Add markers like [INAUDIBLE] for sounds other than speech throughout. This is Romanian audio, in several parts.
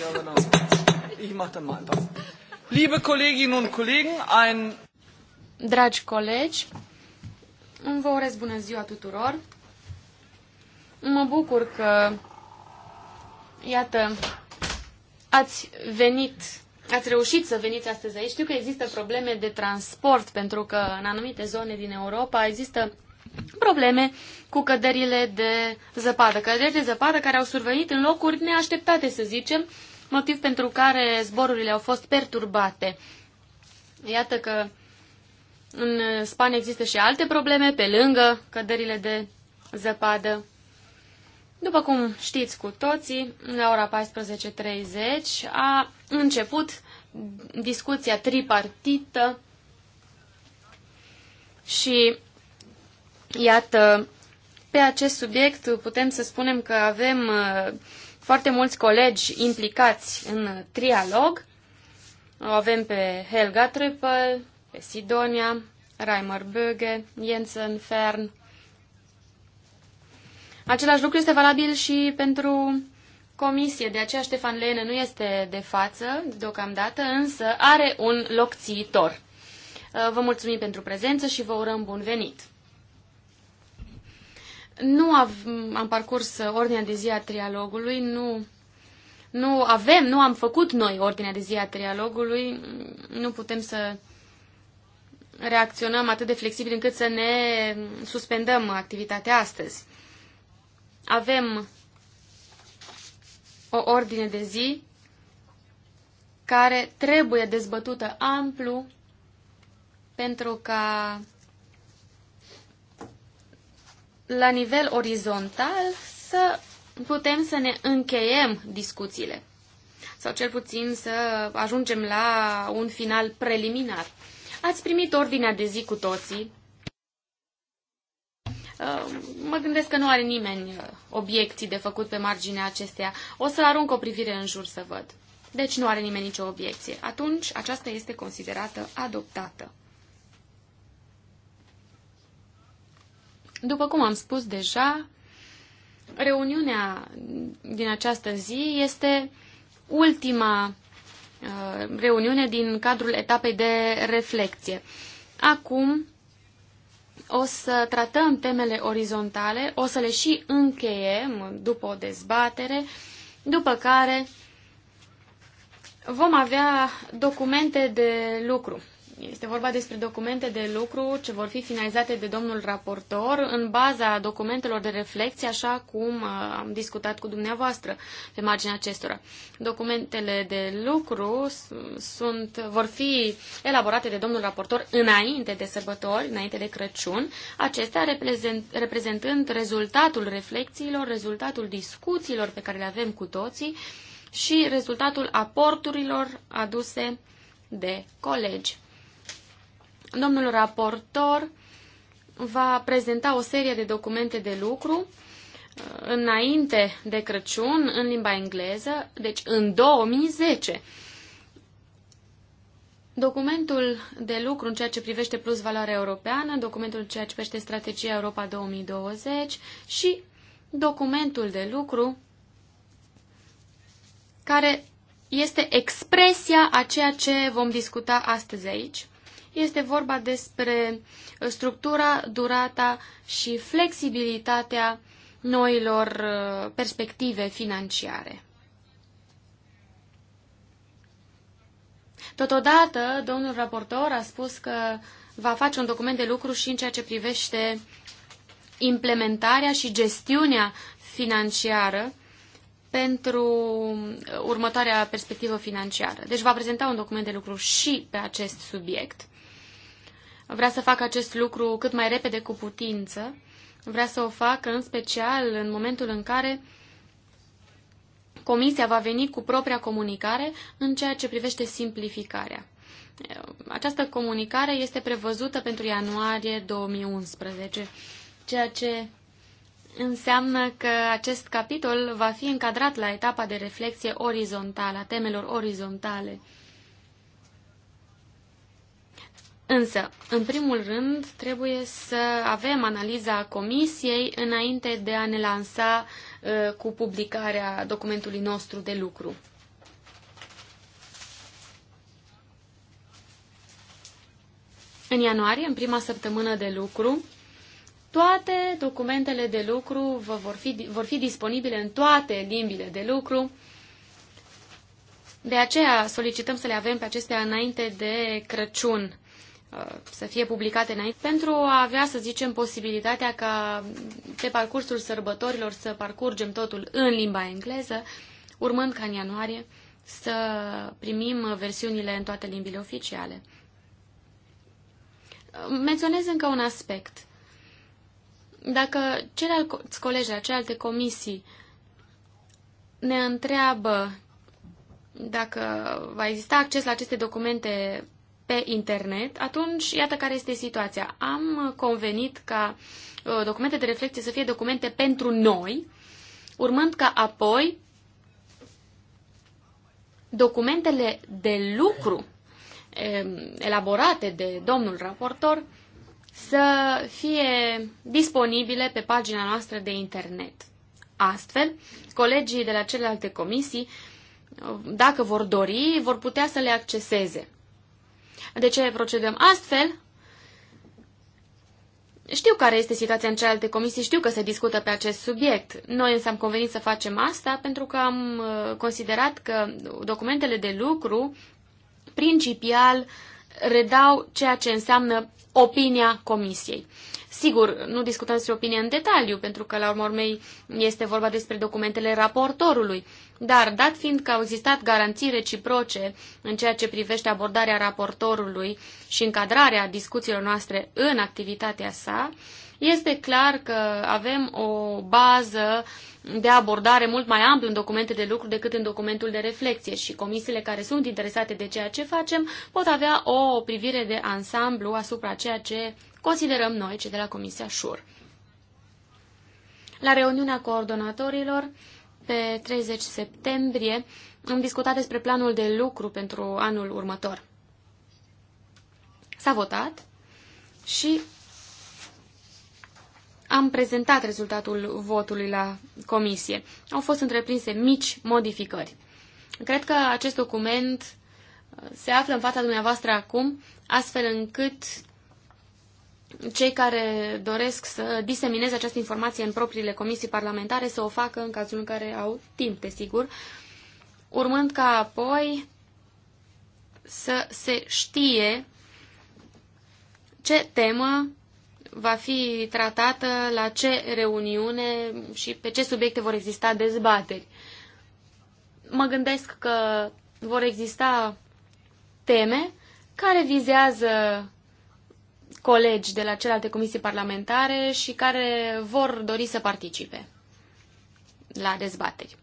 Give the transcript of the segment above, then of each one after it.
Ja, genau. Ich mache dann mal das. Liebe Kolleginnen und Kollegen, ein... Dragi colegi, vă urez bună ziua tuturor. Mă bucur că, iată, ați venit, ați reușit să veniți astăzi aici. Știu că există probleme de transport, pentru că în anumite zone din Europa există probleme cu căderile de zăpadă. Căderile de zăpadă care au survenit în locuri neașteptate, să zicem, motiv pentru care zborurile au fost perturbate. Iată că în Spania există și alte probleme pe lângă căderile de zăpadă. După cum știți cu toții, la ora 14.30 a început discuția tripartită și Iată, pe acest subiect putem să spunem că avem uh, foarte mulți colegi implicați în trialog. O avem pe Helga Trippel, pe Sidonia, Reimer Böge, Jensen Fern. Același lucru este valabil și pentru comisie, de aceea Ștefan Lene nu este de față deocamdată, însă are un loc țiitor. Uh, vă mulțumim pentru prezență și vă urăm bun venit! Nu av, am parcurs ordinea de zi a trialogului, nu, nu avem, nu am făcut noi ordinea de zi a trialogului, nu putem să reacționăm atât de flexibil încât să ne suspendăm activitatea astăzi. Avem o ordine de zi care trebuie dezbătută amplu pentru ca la nivel orizontal să putem să ne încheiem discuțiile sau cel puțin să ajungem la un final preliminar. Ați primit ordinea de zi cu toții. Uh, mă gândesc că nu are nimeni uh, obiecții de făcut pe marginea acesteia. O să arunc o privire în jur să văd. Deci nu are nimeni nicio obiecție. Atunci aceasta este considerată adoptată. După cum am spus deja, reuniunea din această zi este ultima uh, reuniune din cadrul etapei de reflecție. Acum o să tratăm temele orizontale, o să le și încheiem după o dezbatere, după care vom avea documente de lucru este vorba despre documente de lucru ce vor fi finalizate de domnul raportor în baza documentelor de reflexie, așa cum uh, am discutat cu dumneavoastră pe marginea acestora. Documentele de lucru sunt, vor fi elaborate de domnul raportor înainte de sărbători, înainte de Crăciun, acestea reprezent, reprezentând rezultatul reflexiilor, rezultatul discuțiilor pe care le avem cu toții și rezultatul aporturilor aduse de colegi. Domnul raportor va prezenta o serie de documente de lucru uh, înainte de Crăciun în limba engleză, deci în 2010. Documentul de lucru în ceea ce privește plus valoarea europeană, documentul în ceea ce privește strategia Europa 2020 și documentul de lucru care este expresia a ceea ce vom discuta astăzi aici. Este vorba despre uh, structura, durata și flexibilitatea noilor uh, perspective financiare. Totodată, domnul raportor a spus că va face un document de lucru și în ceea ce privește implementarea și gestiunea financiară pentru uh, următoarea perspectivă financiară. Deci va prezenta un document de lucru și pe acest subiect vrea să facă acest lucru cât mai repede cu putință. Vrea să o facă în special în momentul în care Comisia va veni cu propria comunicare în ceea ce privește simplificarea. Această comunicare este prevăzută pentru ianuarie 2011, ceea ce înseamnă că acest capitol va fi încadrat la etapa de reflexie orizontală, a temelor orizontale. Însă, în primul rând, trebuie să avem analiza comisiei înainte de a ne lansa uh, cu publicarea documentului nostru de lucru. În ianuarie, în prima săptămână de lucru, toate documentele de lucru vă vor, fi, vor fi disponibile în toate limbile de lucru. De aceea solicităm să le avem pe acestea înainte de Crăciun Uh, să fie publicate înainte, pentru a avea, să zicem, posibilitatea ca pe parcursul sărbătorilor să parcurgem totul în limba engleză, urmând ca în ianuarie să primim versiunile în toate limbile oficiale. Menționez încă un aspect. Dacă ceilalți colegi celelalte comisii ne întreabă dacă va exista acces la aceste documente pe internet, atunci iată care este situația. Am convenit ca uh, documente de reflecție să fie documente pentru noi, urmând ca apoi documentele de lucru elaborate de domnul raportor să fie disponibile pe pagina noastră de internet. Astfel, colegii de la celelalte comisii, uh, dacă vor dori, vor putea să le acceseze de ce procedăm astfel, știu care este situația în cealaltă comisii, știu că se discută pe acest subiect. Noi însă am convenit să facem asta pentru că am uh, considerat că documentele de lucru principial redau ceea ce înseamnă opinia comisiei. Sigur, nu discutăm despre opinie în detaliu, pentru că, la urmă urmei, este vorba despre documentele raportorului. Dar, dat fiind că au existat garanții reciproce în ceea ce privește abordarea raportorului și încadrarea discuțiilor noastre în activitatea sa, este clar că avem o bază de abordare mult mai amplă în documente de lucru decât în documentul de reflexie și comisiile care sunt interesate de ceea ce facem pot avea o privire de ansamblu asupra ceea ce considerăm noi, cei de la Comisia Șur. La reuniunea coordonatorilor, pe 30 septembrie, am discutat despre planul de lucru pentru anul următor. S-a votat și am prezentat rezultatul votului la comisie. Au fost întreprinse mici modificări. Cred că acest document uh, se află în fața dumneavoastră acum, astfel încât cei care doresc să disemineze această informație în propriile comisii parlamentare să o facă în cazul în care au timp, desigur, urmând ca apoi să se știe ce temă va fi tratată la ce reuniune și pe ce subiecte vor exista dezbateri. Mă gândesc că vor exista teme care vizează colegi de la celelalte comisii parlamentare și care vor dori să participe la dezbateri.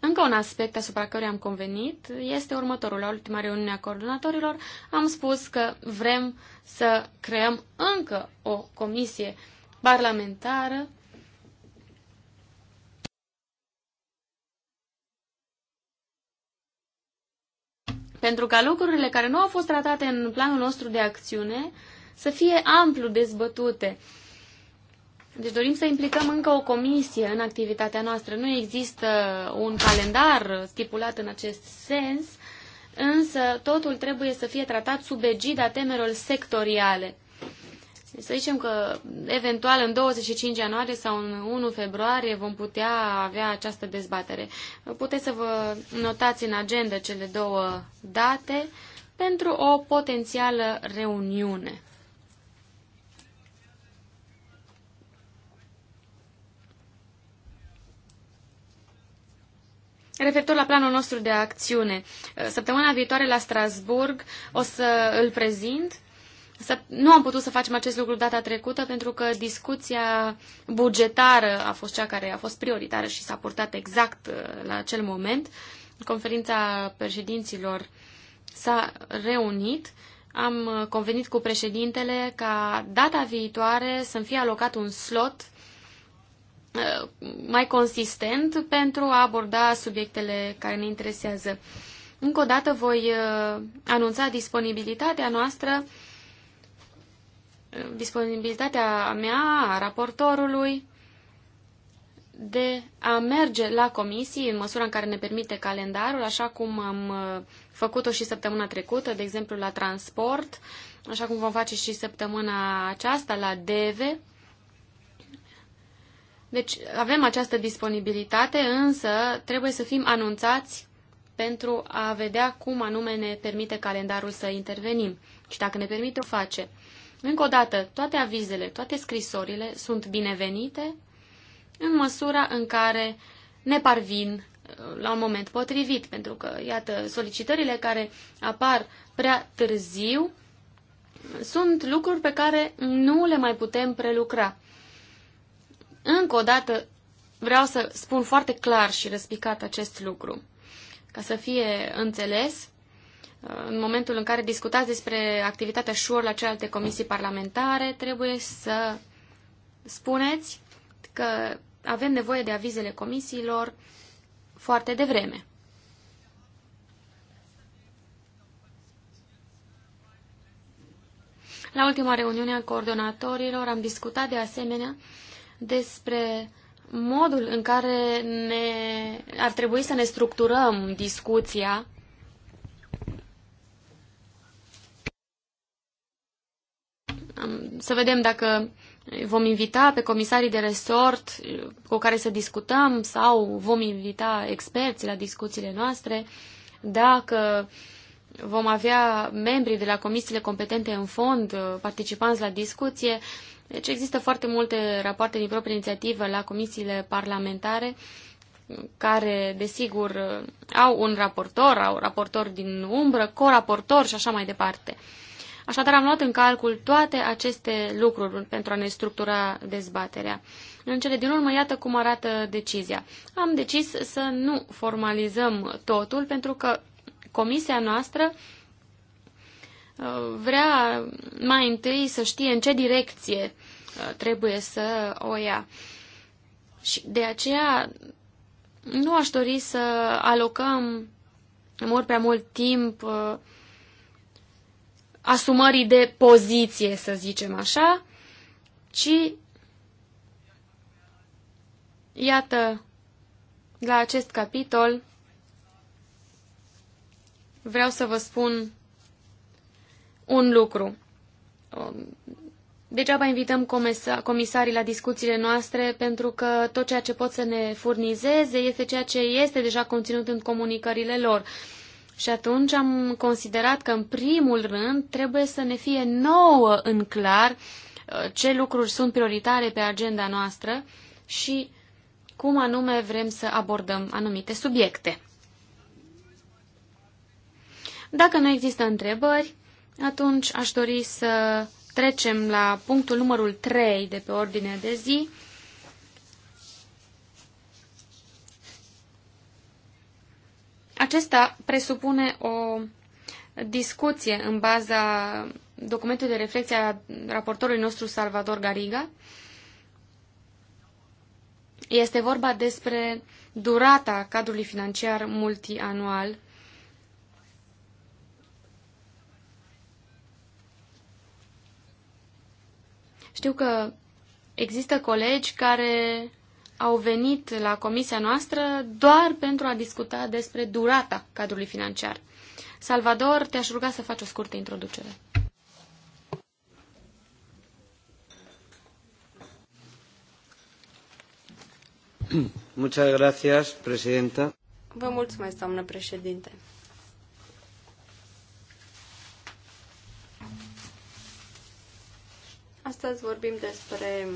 Încă un aspect asupra căruia am convenit este următorul. La ultima reuniune a coordonatorilor am spus că vrem să creăm încă o comisie parlamentară pentru ca lucrurile care nu au fost tratate în planul nostru de acțiune să fie amplu dezbătute. Deci dorim să implicăm încă o comisie în activitatea noastră. Nu există un calendar stipulat în acest sens, însă totul trebuie să fie tratat sub egida temelor sectoriale. Să zicem că eventual în 25 ianuarie sau în 1 februarie vom putea avea această dezbatere. Puteți să vă notați în agenda cele două date pentru o potențială reuniune. Referitor la planul nostru de acțiune, săptămâna viitoare la Strasburg o să îl prezint să, nu am putut să facem acest lucru data trecută pentru că discuția bugetară a fost cea care a fost prioritară și s-a purtat exact uh, la acel moment. Conferința președinților s-a reunit. Am uh, convenit cu președintele ca data viitoare să-mi fie alocat un slot uh, mai consistent pentru a aborda subiectele care ne interesează. Încă o dată voi anunța disponibilitatea noastră disponibilitatea mea, a raportorului, de a merge la comisii în măsura în care ne permite calendarul, așa cum am uh, făcut-o și săptămâna trecută, de exemplu la transport, așa cum vom face și săptămâna aceasta la DEVE. Deci avem această disponibilitate, însă trebuie să fim anunțați pentru a vedea cum anume ne permite calendarul să intervenim. Și dacă ne permite, o face. Încă o dată, toate avizele, toate scrisorile sunt binevenite în măsura în care ne parvin uh, la un moment potrivit, pentru că, iată, solicitările care apar prea târziu sunt lucruri pe care nu le mai putem prelucra. Încă o dată vreau să spun foarte clar și răspicat acest lucru, ca să fie înțeles în momentul în care discutați despre activitatea SURE la celelalte comisii parlamentare, trebuie să spuneți că avem nevoie de avizele comisiilor foarte devreme. La ultima reuniune a coordonatorilor am discutat de asemenea despre modul în care ne, ar trebui să ne structurăm discuția să vedem dacă vom invita pe comisarii de resort cu care să discutăm sau vom invita experți la discuțiile noastre, dacă vom avea membrii de la comisiile competente în fond, uh, participanți la discuție. Deci există foarte multe rapoarte din proprie inițiativă la comisiile parlamentare care, desigur, uh, au un raportor, au raportor din umbră, coraportor și așa mai departe. Așadar, am luat în calcul toate aceste lucruri pentru a ne structura dezbaterea. În cele din urmă, iată cum arată decizia. Am decis să nu formalizăm totul pentru că comisia noastră uh, vrea mai întâi să știe în ce direcție uh, trebuie să o ia. Și de aceea nu aș dori să alocăm mult prea mult timp uh, asumării de poziție, să zicem așa, ci, iată, la acest capitol vreau să vă spun un lucru. Um, degeaba invităm comisarii la discuțiile noastre pentru că tot ceea ce pot să ne furnizeze este ceea ce este deja conținut în comunicările lor. Și atunci am considerat că în primul rând trebuie să ne fie nouă în clar uh, ce lucruri sunt prioritare pe agenda noastră și cum anume vrem să abordăm anumite subiecte. Dacă nu există întrebări, atunci aș dori să trecem la punctul numărul 3 de pe ordine de zi, Acesta presupune o discuție în baza documentului de reflexie a raportorului nostru Salvador Gariga. Este vorba despre durata cadrului financiar multianual Știu că există colegi care au venit la comisia noastră doar pentru a discuta despre durata cadrului financiar. Salvador, te-aș ruga să faci o scurtă introducere. Muchas gracias, presidenta. Vă mulțumesc, doamnă președinte. Astăzi vorbim despre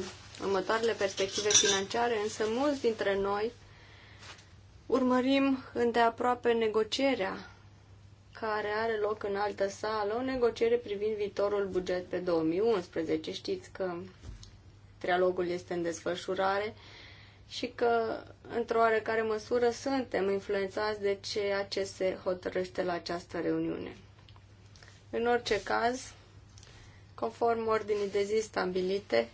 următoarele perspective financiare, însă mulți dintre noi urmărim îndeaproape negocierea care are loc în altă sală, o negociere privind viitorul buget pe 2011. Știți că trialogul este în desfășurare și că, într-o oarecare măsură, suntem influențați de ceea ce se hotărăște la această reuniune. În orice caz, conform ordinii de zi stabilite,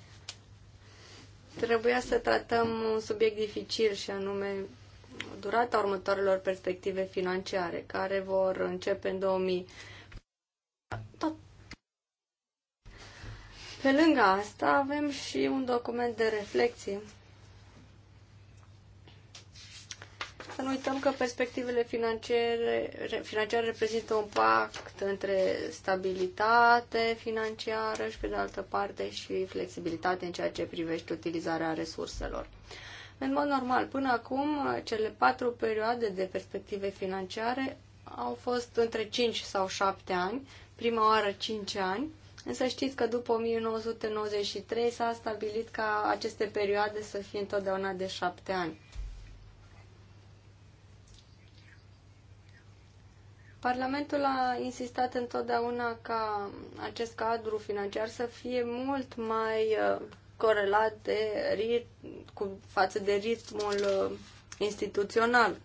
Trebuia să tratăm un subiect dificil și anume durata următoarelor perspective financiare, care vor începe în 2000. Pe lângă asta avem și un document de reflexie Să nu uităm că perspectivele financiare, financiare reprezintă un pact între stabilitate financiară și, pe de altă parte, și flexibilitate în ceea ce privește utilizarea resurselor. În mod normal, până acum, cele patru perioade de perspective financiare au fost între 5 sau 7 ani, prima oară 5 ani, însă știți că după 1993 s-a stabilit ca aceste perioade să fie întotdeauna de 7 ani. Parlamentul a insistat întotdeauna ca acest cadru financiar să fie mult mai uh, corelat de rit- cu, față de ritmul uh, instituțional.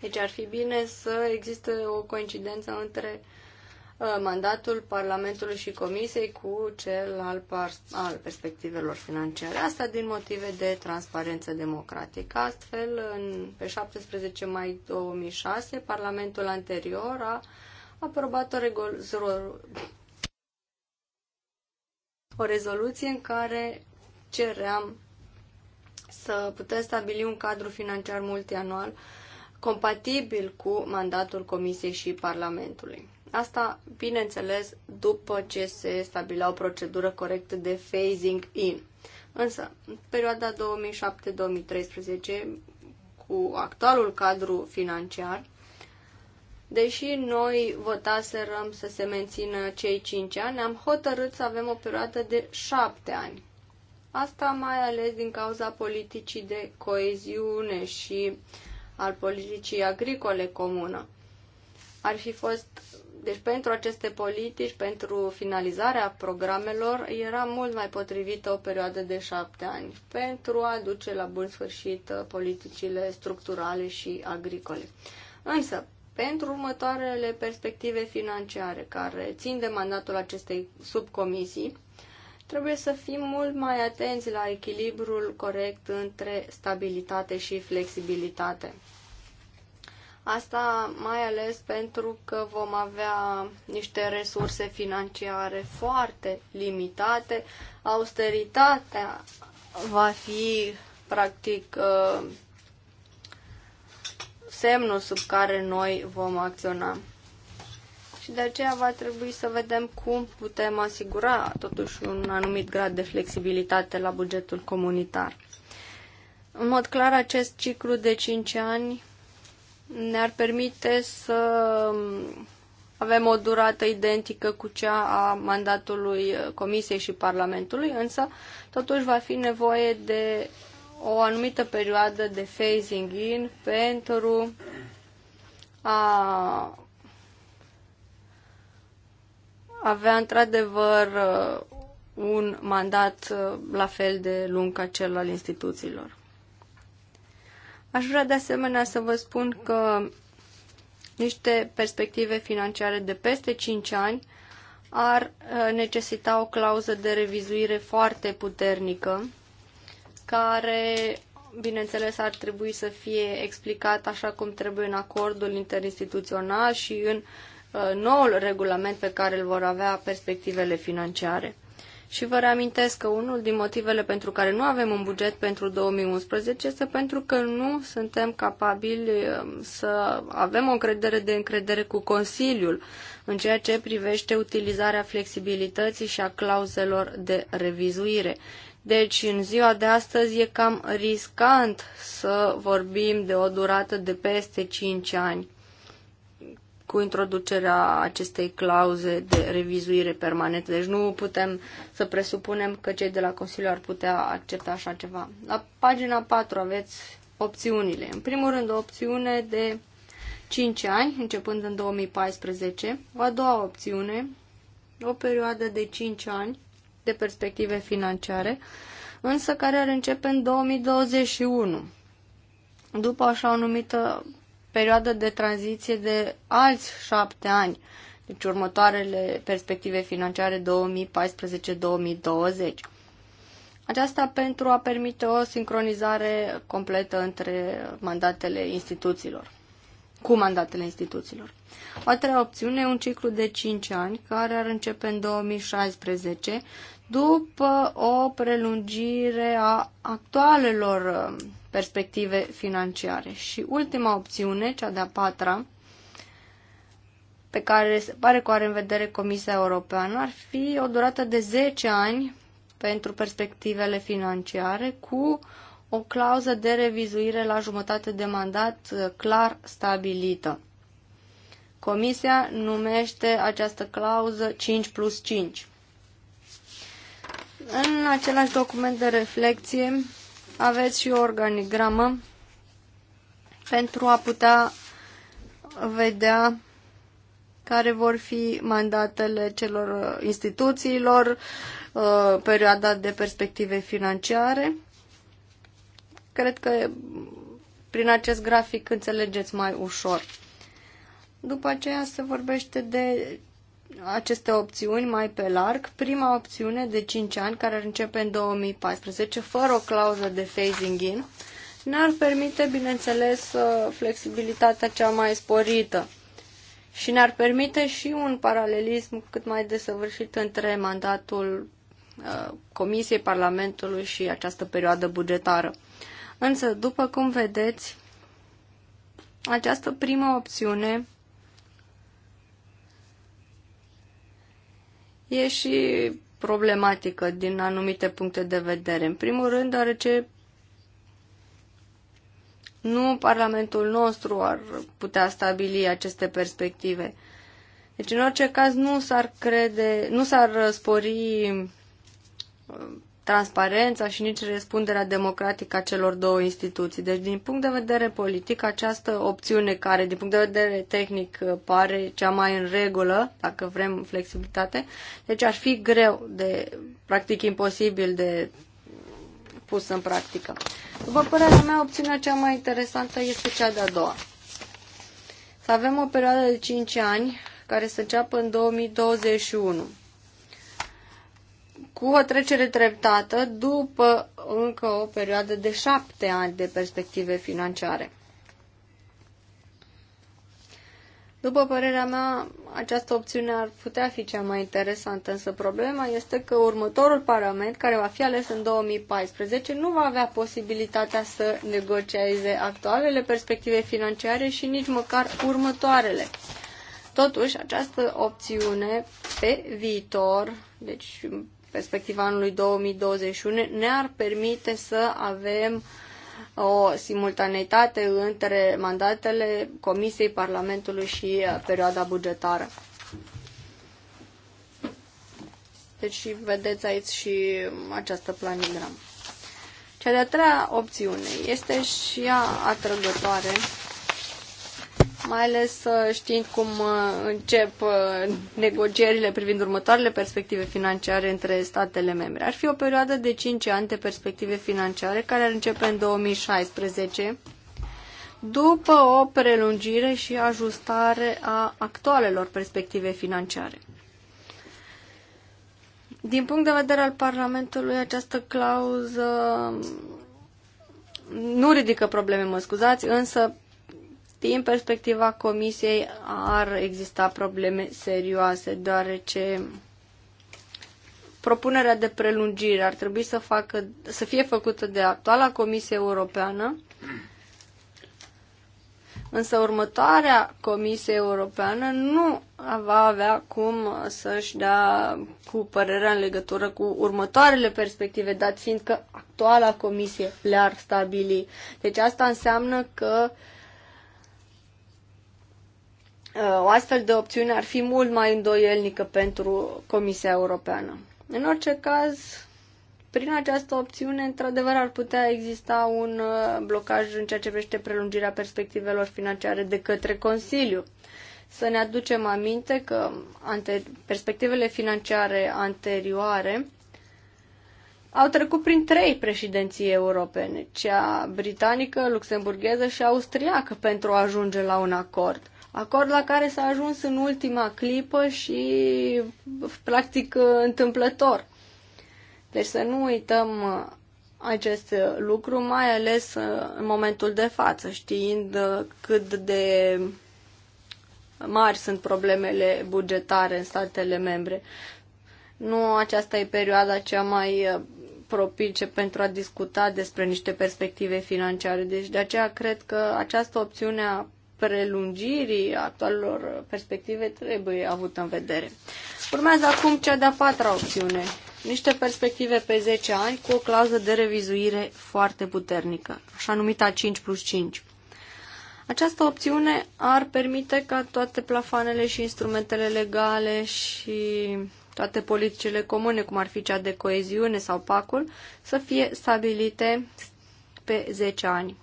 Deci ar fi bine să existe o coincidență între Uh, mandatul Parlamentului și Comisiei cu cel al, al perspectivelor financiare. Asta din motive de transparență democratică. Astfel, în, pe 17 mai 2006, Parlamentul anterior a aprobat o, regol, o rezoluție în care ceream să putem stabili un cadru financiar multianual compatibil cu mandatul Comisiei și Parlamentului. Asta, bineînțeles, după ce se stabila o procedură corectă de phasing in. Însă, în perioada 2007-2013, cu actualul cadru financiar, deși noi votaserăm să se mențină cei 5 ani, am hotărât să avem o perioadă de 7 ani. Asta mai ales din cauza politicii de coeziune și al politicii agricole comună. Ar fi fost deci pentru aceste politici, pentru finalizarea programelor, era mult mai potrivită o perioadă de șapte ani pentru a duce la bun sfârșit uh, politicile structurale și agricole. Însă, pentru următoarele perspective financiare care țin de mandatul acestei subcomisii, trebuie să fim mult mai atenți la echilibrul corect între stabilitate și flexibilitate. Asta mai ales pentru că vom avea niște resurse financiare foarte limitate. Austeritatea va fi practic ă, semnul sub care noi vom acționa. Și de aceea va trebui să vedem cum putem asigura totuși un anumit grad de flexibilitate la bugetul comunitar. În mod clar, acest ciclu de 5 ani ne-ar permite să avem o durată identică cu cea a mandatului Comisiei și Parlamentului, însă totuși va fi nevoie de o anumită perioadă de phasing in pentru a avea într-adevăr un mandat la fel de lung ca cel al instituțiilor. Aș vrea de asemenea să vă spun că niște perspective financiare de peste 5 ani ar uh, necesita o clauză de revizuire foarte puternică, care, bineînțeles, ar trebui să fie explicată așa cum trebuie în acordul interinstituțional și în uh, noul regulament pe care îl vor avea perspectivele financiare. Și vă reamintesc că unul din motivele pentru care nu avem un buget pentru 2011 este pentru că nu suntem capabili um, să avem o încredere de încredere cu Consiliul în ceea ce privește utilizarea flexibilității și a clauzelor de revizuire. Deci, în ziua de astăzi e cam riscant să vorbim de o durată de peste 5 ani cu introducerea acestei clauze de revizuire permanentă. Deci nu putem să presupunem că cei de la Consiliu ar putea accepta așa ceva. La pagina 4 aveți opțiunile. În primul rând, o opțiune de 5 ani, începând în 2014. O a doua opțiune, o perioadă de 5 ani de perspective financiare, însă care ar începe în 2021, după așa numită perioadă de tranziție de alți șapte ani, deci următoarele perspective financiare 2014-2020. Aceasta pentru a permite o sincronizare completă între mandatele instituțiilor, cu mandatele instituțiilor. O a treia opțiune un ciclu de 5 ani care ar începe în 2016 după o prelungire a actualelor perspective financiare. Și ultima opțiune, cea de-a patra, pe care se pare că o are în vedere Comisia Europeană, ar fi o durată de 10 ani pentru perspectivele financiare cu o clauză de revizuire la jumătate de mandat uh, clar stabilită. Comisia numește această clauză 5 plus 5. În același document de reflexie aveți și o organigramă pentru a putea vedea care vor fi mandatele celor instituțiilor, uh, perioada de perspective financiare. Cred că prin acest grafic înțelegeți mai ușor. După aceea se vorbește de aceste opțiuni mai pe larg. Prima opțiune de 5 ani, care ar începe în 2014, fără o clauză de phasing in, ne-ar permite, bineînțeles, uh, flexibilitatea cea mai sporită și ne-ar permite și un paralelism cât mai desăvârșit între mandatul uh, Comisiei Parlamentului și această perioadă bugetară. Însă, după cum vedeți, această primă opțiune e și problematică din anumite puncte de vedere. În primul rând, deoarece nu Parlamentul nostru ar putea stabili aceste perspective. Deci, în orice caz, nu s-ar crede, nu s-ar spori uh, transparența și nici răspunderea democratică a celor două instituții. Deci, din punct de vedere politic, această opțiune care, din punct de vedere tehnic, pare cea mai în regulă, dacă vrem flexibilitate, deci ar fi greu de, practic imposibil de pus în practică. După părerea mea, opțiunea cea mai interesantă este cea de-a doua. Să avem o perioadă de 5 ani care să înceapă în 2021 cu o trecere treptată după încă o perioadă de șapte ani de perspective financiare. După părerea mea, această opțiune ar putea fi cea mai interesantă, însă problema este că următorul parlament, care va fi ales în 2014, nu va avea posibilitatea să negocieze actualele perspective financiare și nici măcar următoarele. Totuși, această opțiune pe viitor, deci perspectiva anului 2021 ne-ar permite să avem o simultaneitate între mandatele Comisiei Parlamentului și uh, perioada bugetară. Deci și vedeți aici și această planigramă. Cea de-a treia opțiune este și ea atrăgătoare mai ales uh, știind cum uh, încep uh, negocierile privind următoarele perspective financiare între statele membre. Ar fi o perioadă de 5 ani de perspective financiare care ar începe în 2016 după o prelungire și ajustare a actualelor perspective financiare. Din punct de vedere al Parlamentului, această clauză nu ridică probleme, mă scuzați, însă din perspectiva comisiei ar exista probleme serioase, deoarece propunerea de prelungire ar trebui să, facă, să fie făcută de actuala Comisie Europeană, însă următoarea Comisie Europeană nu va avea cum să-și dea cu părerea în legătură cu următoarele perspective, dat fiind că actuala Comisie le-ar stabili. Deci asta înseamnă că uh, o astfel de opțiune ar fi mult mai îndoielnică pentru Comisia Europeană. În orice caz, prin această opțiune, într-adevăr, ar putea exista un uh, blocaj în ceea ce privește prelungirea perspectivelor financiare de către Consiliu. Să ne aducem aminte că perspectivele financiare anterioare au trecut prin trei președinții europene, cea britanică, luxemburgheză și austriacă, pentru a ajunge la un acord. Acord la care s-a ajuns în ultima clipă și practic întâmplător. Deci să nu uităm uh, acest lucru, mai ales uh, în momentul de față, știind uh, cât de mari sunt problemele bugetare în statele membre. Nu aceasta e perioada cea mai propice pentru a discuta despre niște perspective financiare. Deci de aceea cred că această opțiune a prelungirii actualelor perspective trebuie avut în vedere. Urmează acum cea de-a patra opțiune, niște perspective pe 10 ani cu o clauză de revizuire foarte puternică, așa numită 5 plus 5. Această opțiune ar permite ca toate plafanele și instrumentele legale și toate politicile comune, cum ar fi cea de coeziune sau pacul, să fie stabilite pe 10 ani.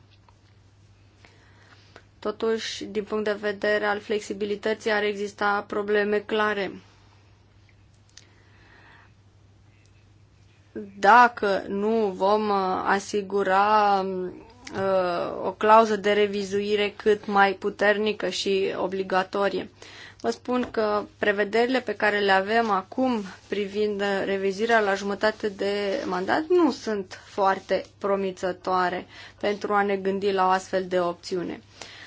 Totuși, din punct de vedere al flexibilității, ar exista probleme clare. Dacă nu vom uh, asigura uh, o clauză de revizuire cât mai puternică și obligatorie. Vă spun că prevederile pe care le avem acum privind uh, revizirea la jumătate de mandat nu sunt foarte promițătoare pentru a ne gândi la o astfel de opțiune. Uh,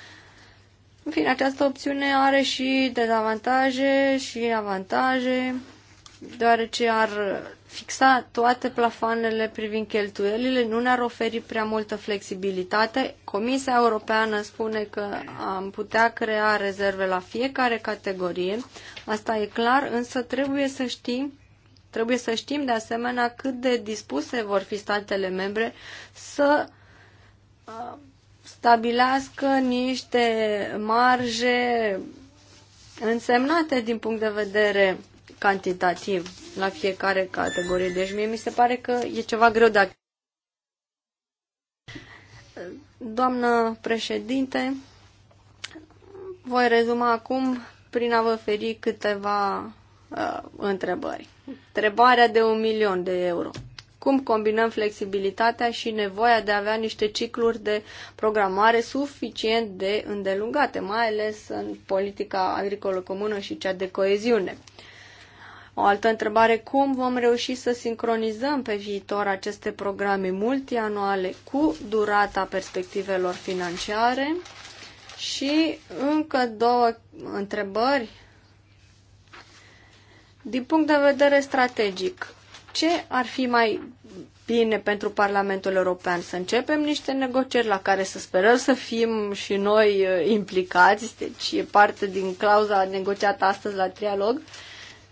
în fine, această opțiune are și dezavantaje și avantaje, deoarece ar fixa toate plafanele privind cheltuielile, nu ne-ar oferi prea multă flexibilitate. Comisia Europeană spune că am putea crea rezerve la fiecare categorie, asta e clar, însă trebuie să știm Trebuie să știm de asemenea cât de dispuse vor fi statele membre să uh, stabilească niște marje însemnate din punct de vedere cantitativ la fiecare categorie. Deci mie mi se pare că e ceva greu de Doamnă președinte, voi rezuma acum prin a vă oferi câteva uh, întrebări. Întrebarea de un milion de euro cum combinăm flexibilitatea și nevoia de a avea niște cicluri de programare suficient de îndelungate, mai ales în politica agricolă comună și cea de coeziune. O altă întrebare, cum vom reuși să sincronizăm pe viitor aceste programe multianuale cu durata perspectivelor financiare? Și încă două întrebări. Din punct de vedere strategic, ce ar fi mai bine pentru Parlamentul European? Să începem niște negocieri la care să sperăm să fim și noi uh, implicați, deci e parte din clauza negociată astăzi la trialog.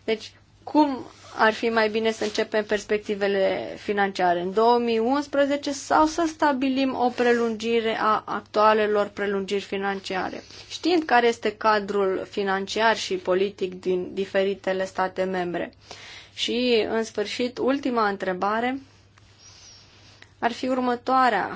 Deci, cum ar fi mai bine să începem perspectivele financiare în 2011 sau să stabilim o prelungire a actualelor prelungiri financiare, știind care este cadrul financiar și politic din diferitele state membre. Și, în sfârșit, ultima întrebare ar fi următoarea.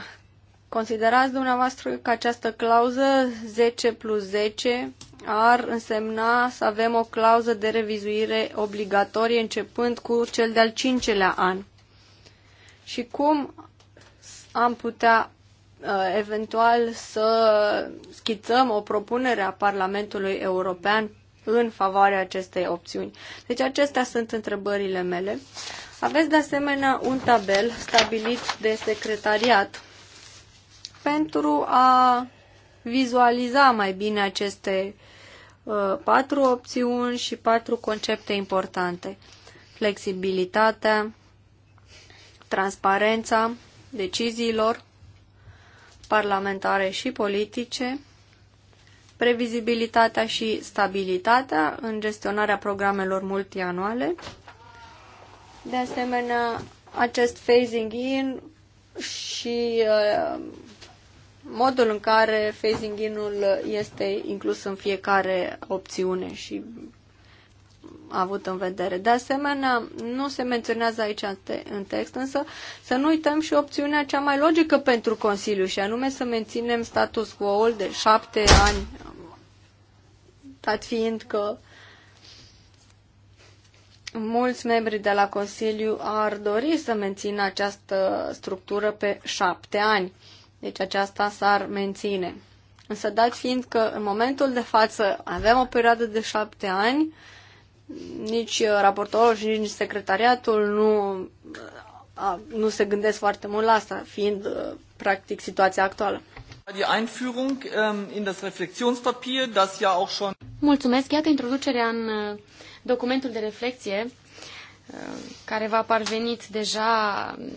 Considerați dumneavoastră că această clauză 10 plus 10 ar însemna să avem o clauză de revizuire obligatorie începând cu cel de-al cincelea an. Și cum am putea uh, eventual să schițăm o propunere a Parlamentului European în favoarea acestei opțiuni. Deci acestea sunt întrebările mele. Aveți de asemenea un tabel stabilit de secretariat pentru a vizualiza mai bine aceste uh, patru opțiuni și patru concepte importante. Flexibilitatea, transparența deciziilor parlamentare și politice, previzibilitatea și stabilitatea în gestionarea programelor multianuale. De asemenea, acest phasing in și uh, modul în care phasing in-ul este inclus în fiecare opțiune și avut în vedere. De asemenea, nu se menționează aici în text, însă să nu uităm și opțiunea cea mai logică pentru Consiliu, și anume să menținem status quo-ul de șapte ani, dat fiind că mulți membri de la Consiliu ar dori să mențină această structură pe șapte ani. Deci aceasta s-ar menține. Însă dat fiind că în momentul de față avem o perioadă de șapte ani, nici uh, raportorul și nici secretariatul nu, uh, nu se gândesc foarte mult la asta, fiind uh, practic situația actuală. Ähm, Mulțumesc, iată introducerea în documentul de reflexie care v-a parvenit deja mm,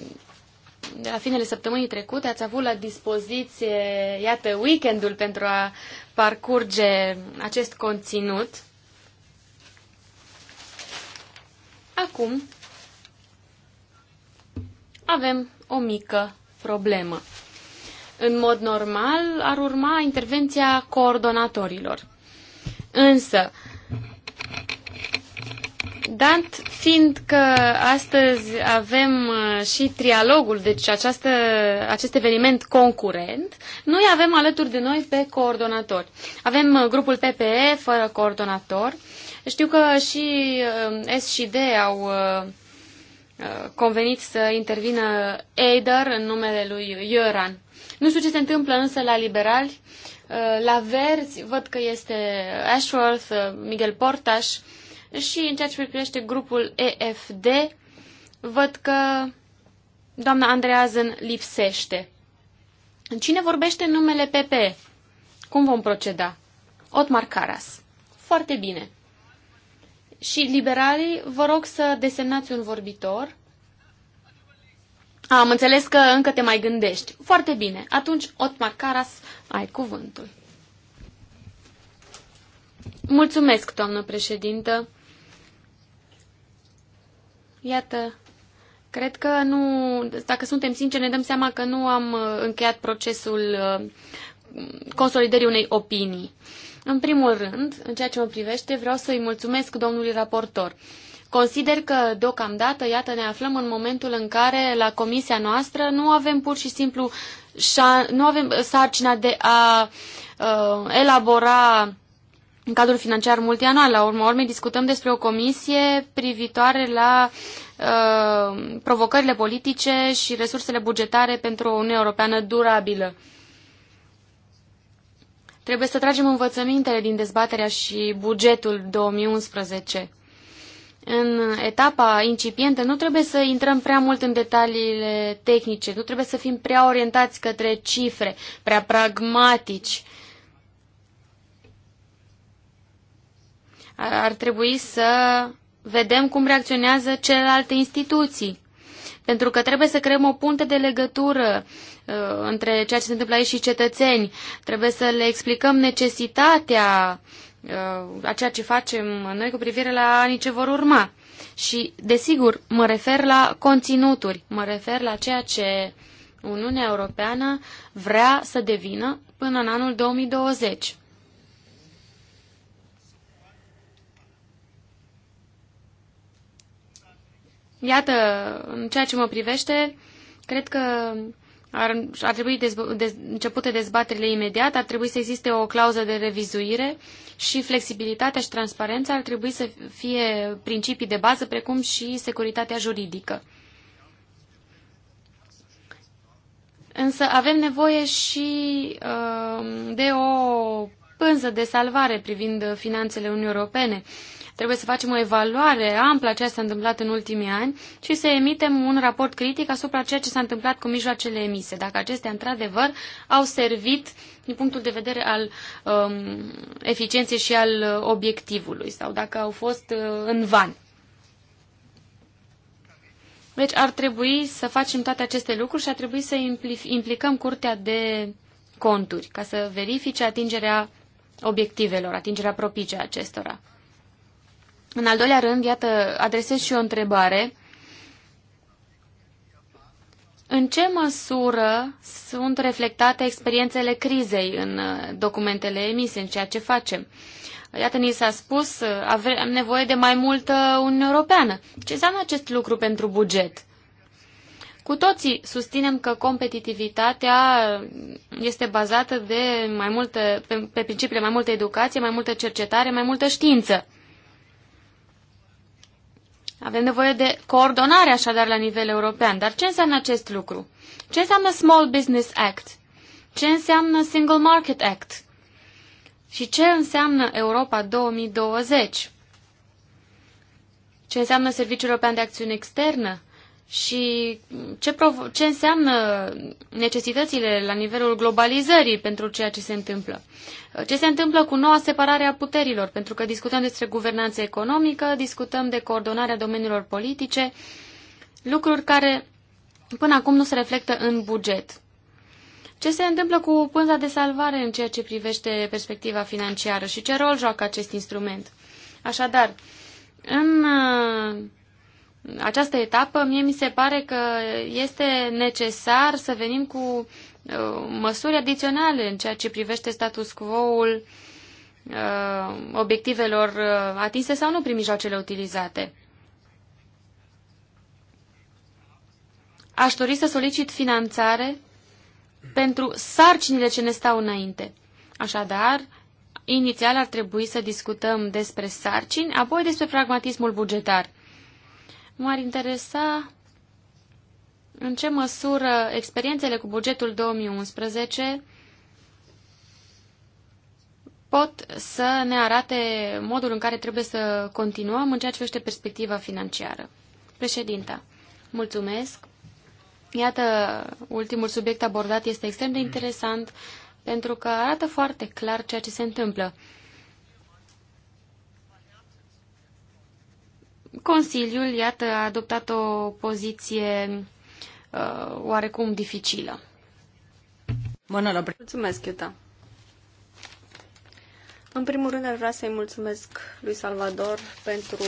de la finele săptămânii trecute. Ați avut la dispoziție, iată, weekendul pentru a parcurge acest conținut. Acum avem o mică problemă. În mod normal ar urma intervenția coordonatorilor. Însă, Dant, fiind că astăzi avem uh, și trialogul, deci această, acest eveniment concurent, noi avem alături de noi pe coordonatori. Avem uh, grupul PPE fără coordonator, știu că și uh, S și D au uh, uh, convenit să intervină Eider în numele lui Ioran. Nu știu ce se întâmplă însă la liberali. La verzi văd că este Ashworth, Miguel Portaș și în ceea ce privește grupul EFD văd că doamna Andreazen lipsește. Cine vorbește în numele PP? Cum vom proceda? Otmar Caras. Foarte bine și liberalii, vă rog să desemnați un vorbitor. Ah, am înțeles că încă te mai gândești. Foarte bine. Atunci, Otmar Caras, ai cuvântul. Mulțumesc, doamnă președintă. Iată, cred că nu, dacă suntem sinceri, ne dăm seama că nu am uh, încheiat procesul uh, consolidării unei opinii. În primul rând, în ceea ce mă privește, vreau să-i mulțumesc domnului raportor. Consider că, deocamdată, iată, ne aflăm în momentul în care, la comisia noastră, nu avem pur și simplu nu avem sarcina de a uh, elabora în cadrul financiar multianual. La urmă urmei discutăm despre o comisie privitoare la uh, provocările politice și resursele bugetare pentru o Uniune Europeană durabilă. Uh, Trebuie să tragem învățămintele din dezbaterea și bugetul 2011. În etapa incipientă nu trebuie să intrăm prea mult în detaliile tehnice, nu trebuie să fim prea orientați către cifre, prea pragmatici. Ar, trebui să vedem cum reacționează celelalte instituții pentru că trebuie să creăm o punte de legătură uh, între ceea ce se întâmplă aici și cetățeni. Trebuie să le explicăm necesitatea uh, a ceea ce facem noi cu privire la anii ce vor urma. Și, desigur, mă refer la conținuturi, mă refer la ceea ce Uniunea Europeană vrea să devină până în anul 2020. Iată, în ceea ce mă privește, cred că ar, ar trebui dezb- de, începute dezbaterile imediat, ar trebui să existe o clauză de revizuire și flexibilitatea și transparența ar trebui să fie principii de bază, precum și securitatea juridică. Însă avem nevoie și uh, de o pânză de salvare privind finanțele Uniunii Europene. Uh, Trebuie să facem o evaluare amplă a ceea ce s-a întâmplat în ultimii ani și să emitem un raport critic asupra ceea ce s-a întâmplat cu mijloacele emise, dacă acestea într-adevăr au servit din punctul de vedere al um, eficienței și al uh, obiectivului sau dacă au fost uh, în van. Deci ar trebui să facem toate aceste lucruri și ar trebui să implicăm curtea de conturi ca să verifice atingerea obiectivelor, atingerea propice a acestora. În al doilea rând, iată, adresez și o întrebare. În ce măsură sunt reflectate experiențele crizei în uh, documentele emise, în ceea ce facem? Iată, ni s-a spus, uh, avem nevoie de mai multă Uniune Europeană. Ce înseamnă acest lucru pentru buget? Cu toții susținem că competitivitatea este bazată de mai multă, pe, pe principiile mai multă educație, mai multă cercetare, mai multă știință. Avem nevoie de coordonare așadar la nivel european. Dar ce înseamnă acest lucru? Ce înseamnă Small Business Act? Ce înseamnă Single Market Act? Și ce înseamnă Europa 2020? Ce înseamnă Serviciul European de Acțiune Externă? și ce, ce înseamnă necesitățile la nivelul globalizării pentru ceea ce se întâmplă. Ce se întâmplă cu noua separare a puterilor, pentru că discutăm despre guvernanță economică, discutăm de coordonarea domeniilor politice, lucruri care până acum nu se reflectă în buget. Ce se întâmplă cu pânza de salvare în ceea ce privește perspectiva financiară și ce rol joacă acest instrument? Așadar, în această etapă, mie mi se pare că este necesar să venim cu uh, măsuri adiționale în ceea ce privește status quo-ul uh, obiectivelor uh, atinse sau nu prin mijloacele utilizate. Aș dori să solicit finanțare pentru sarcinile ce ne stau înainte. Așadar, inițial ar trebui să discutăm despre sarcini, apoi despre pragmatismul bugetar – M-ar interesa în ce măsură experiențele cu bugetul 2011 pot să ne arate modul în care trebuie să continuăm în ceea ce privește perspectiva financiară. Președinta, mulțumesc. Iată, ultimul subiect abordat este extrem de interesant pentru că arată foarte clar ceea ce se întâmplă. Consiliul, iată, a adoptat o poziție uh, oarecum dificilă. Bună, la Mulțumesc, Iuta. În primul rând, vreau să-i mulțumesc lui Salvador pentru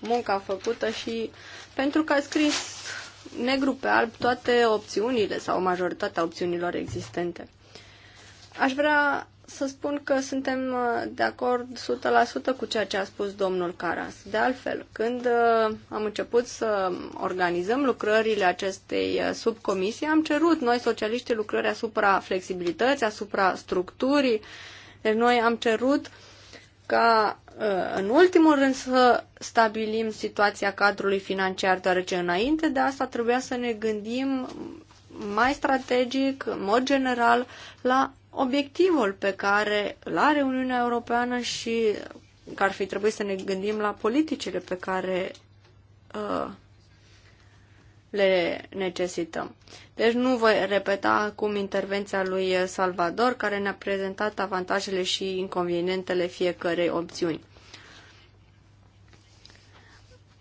munca făcută și pentru că a scris negru pe alb toate opțiunile sau majoritatea opțiunilor existente. Aș vrea să spun că suntem uh, de acord 100% cu ceea ce a spus domnul Caras. De altfel, când uh, am început să organizăm lucrările acestei uh, subcomisii, am cerut noi, socialiștii, lucrări asupra flexibilității, asupra structurii. Deci noi am cerut ca, în ultimul rând, să stabilim situația cadrului financiar, deoarece înainte de asta trebuia să ne gândim mai strategic, în mod general, la obiectivul pe care îl are Uniunea Europeană și că ar fi trebuit să ne gândim la politicile pe care uh, le necesităm. Deci nu voi repeta acum intervenția lui Salvador, care ne-a prezentat avantajele și inconvenientele fiecărei opțiuni.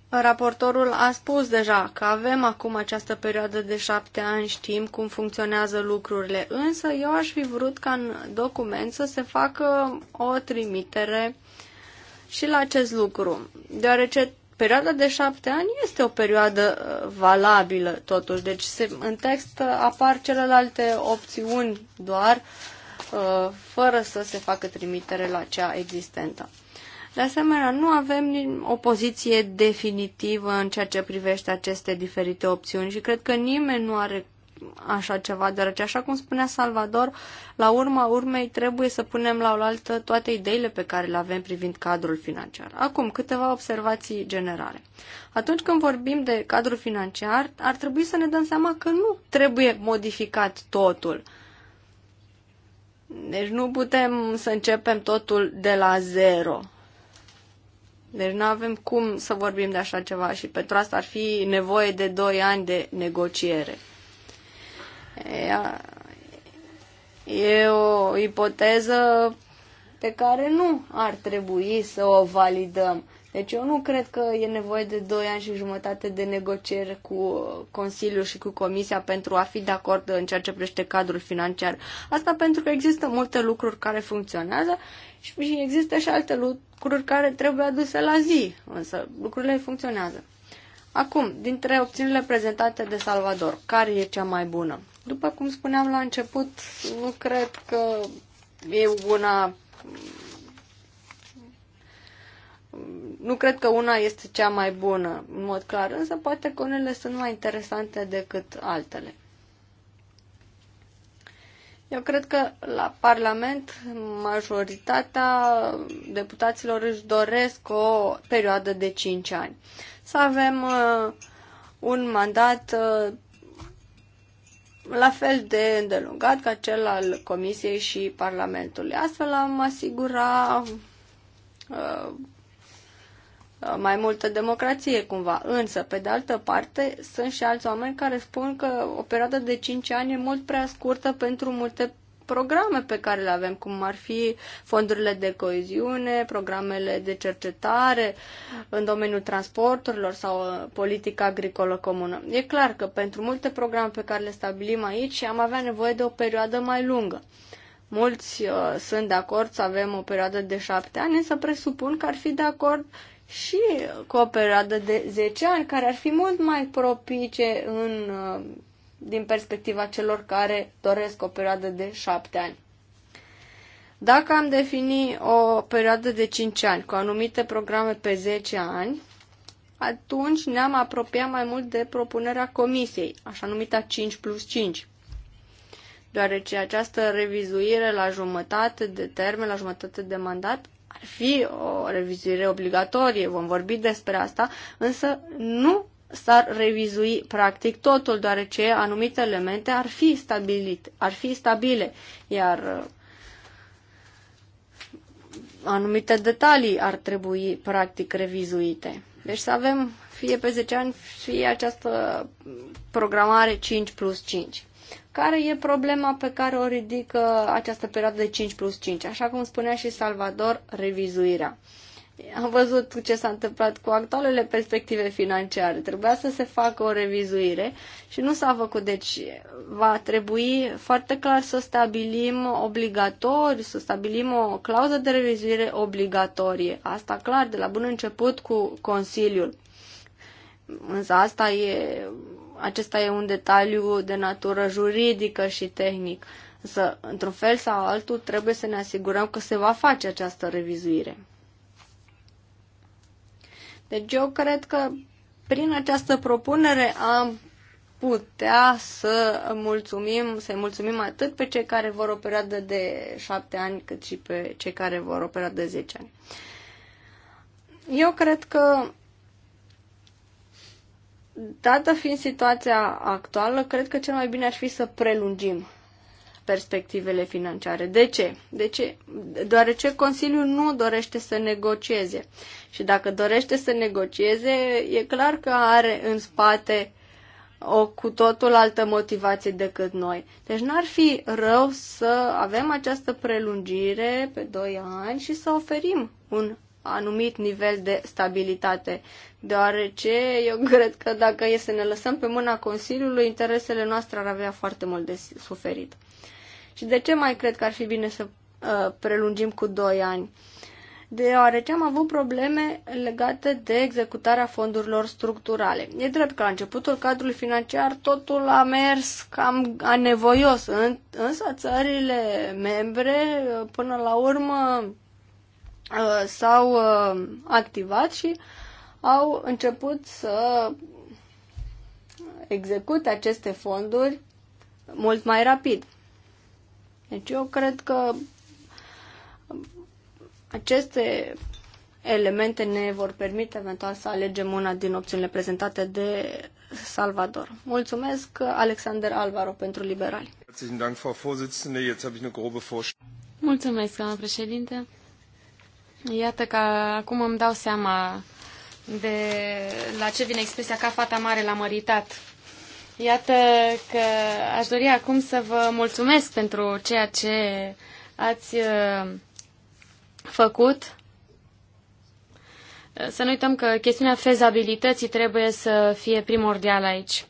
Raportorul a spus deja că avem acum această perioadă de șapte ani, știm cum funcționează lucrurile, însă eu aș fi vrut ca în document să se facă o trimitere și la acest lucru, deoarece perioada de șapte ani este o perioadă uh, valabilă totuși, deci se, în text apar celelalte opțiuni doar, uh, fără să se facă trimitere la cea existentă. De asemenea, nu avem o poziție definitivă în ceea ce privește aceste diferite opțiuni și cred că nimeni nu are așa ceva, deoarece, așa cum spunea Salvador, la urma urmei trebuie să punem la oaltă toate ideile pe care le avem privind cadrul financiar. Acum, câteva observații generale. Atunci când vorbim de cadrul financiar, ar trebui să ne dăm seama că nu trebuie modificat totul. Deci nu putem să începem totul de la zero. Deci nu avem cum să vorbim de așa ceva și pentru asta ar fi nevoie de 2 ani de negociere. E o ipoteză pe care nu ar trebui să o validăm deci eu nu cred că e nevoie de 2 ani și jumătate de negocieri cu Consiliul și cu Comisia pentru a fi de acord în ceea ce privește cadrul financiar. Asta pentru că există multe lucruri care funcționează și există și alte lucruri care trebuie aduse la zi, însă lucrurile funcționează. Acum, dintre opțiunile prezentate de Salvador, care e cea mai bună? După cum spuneam la început, nu cred că e una nu cred că una este cea mai bună, în mod clar, însă poate că unele sunt mai interesante decât altele. Eu cred că la Parlament majoritatea deputaților își doresc o perioadă de 5 ani. Să avem uh, un mandat uh, la fel de îndelungat ca cel al Comisiei și Parlamentului. Astfel am asigura uh, Uh, mai multă democrație cumva. Însă, pe de altă parte, sunt și alți oameni care spun că o perioadă de 5 ani e mult prea scurtă pentru multe programe pe care le avem, cum ar fi fondurile de coeziune, programele de cercetare în domeniul transporturilor sau uh, politica agricolă comună. E clar că pentru multe programe pe care le stabilim aici am avea nevoie de o perioadă mai lungă. Mulți uh, sunt de acord să avem o perioadă de șapte ani, însă presupun că ar fi de acord și cu o perioadă de 10 ani, care ar fi mult mai propice în, uh, din perspectiva celor care doresc o perioadă de 7 ani. Dacă am defini o perioadă de 5 ani cu anumite programe pe 10 ani, atunci ne-am apropiat mai mult de propunerea comisiei, așa numita 5 plus 5 deoarece această revizuire la jumătate de termen, la jumătate de mandat, ar fi o revizuire obligatorie, vom vorbi despre asta, însă nu s-ar revizui practic totul, deoarece anumite elemente ar fi, stabilite, ar fi stabile, iar uh, anumite detalii ar trebui practic revizuite. Deci să avem fie pe 10 ani, fie această programare 5 plus 5. Care e problema pe care o ridică această perioadă de 5 plus 5? Așa cum spunea și Salvador, revizuirea. Am văzut ce s-a întâmplat cu actualele perspective financiare. Trebuia să se facă o revizuire și nu s-a făcut. Deci va trebui foarte clar să stabilim obligatoriu, să stabilim o clauză de revizuire obligatorie. Asta clar, de la bun început cu Consiliul. Însă asta e acesta e un detaliu de natură juridică și tehnic. Însă, într-un fel sau altul, trebuie să ne asigurăm că se va face această revizuire. Deci eu cred că prin această propunere am putea să mulțumim, să mulțumim atât pe cei care vor opera de șapte ani, cât și pe cei care vor opera de zece ani. Eu cred că Dată fiind situația actuală, cred că cel mai bine ar fi să prelungim perspectivele financiare. De ce? De ce? Deoarece Consiliul nu dorește să negocieze. Și dacă dorește să negocieze, e clar că are în spate o cu totul altă motivație decât noi. Deci n-ar fi rău să avem această prelungire pe 2 ani și să oferim un anumit nivel de stabilitate, deoarece eu [LAUGHS] cred că dacă e să ne lăsăm pe mâna Consiliului, interesele noastre ar avea foarte mult de suferit. Și de ce mai cred că ar fi bine să uh, prelungim cu 2 ani? Deoarece am avut probleme legate de executarea fondurilor structurale. E drept că la începutul cadrului financiar totul a mers cam anevoios, însă țările membre uh, până la urmă Uh, s-au uh, activat și au început să execute aceste fonduri mult mai rapid. Deci eu cred că aceste elemente ne vor permite eventual să alegem una din opțiunile prezentate de Salvador. Mulțumesc, Alexander Alvaro, pentru liberali. Mulțumesc, doamnă președinte. Iată că acum îmi dau seama de la ce vine expresia ca fata mare la măritat. Iată că aș dori acum să vă mulțumesc pentru ceea ce ați uh, făcut să nu uităm că chestiunea fezabilității trebuie să fie primordială aici.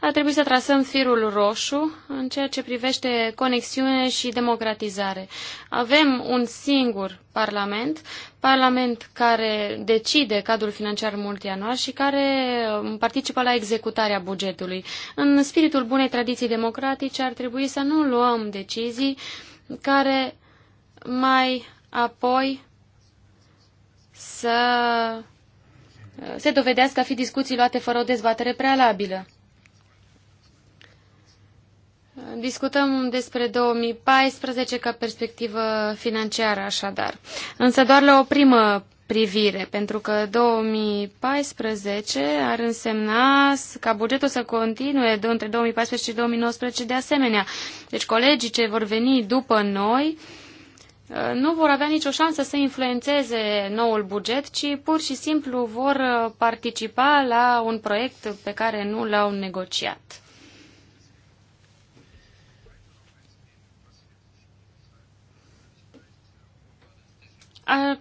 Ar trebui să trasăm firul roșu în ceea ce privește conexiune și democratizare. Avem un singur parlament, parlament care decide cadrul financiar multianual și care um, participă la executarea bugetului. În spiritul bunei tradiții democratice ar trebui să nu luăm decizii care mai apoi să uh, se dovedească a fi discuții luate fără o dezbatere prealabilă. Discutăm despre 2014 ca perspectivă financiară, așadar. Însă doar la o primă privire, pentru că 2014 ar însemna ca bugetul să continue de între 2014 și 2019 de asemenea. Deci colegii ce vor veni după noi uh, Uh, nu vor avea nicio șansă să influențeze noul buget, ci pur și simplu vor uh, participa la un proiect pe care nu l-au negociat.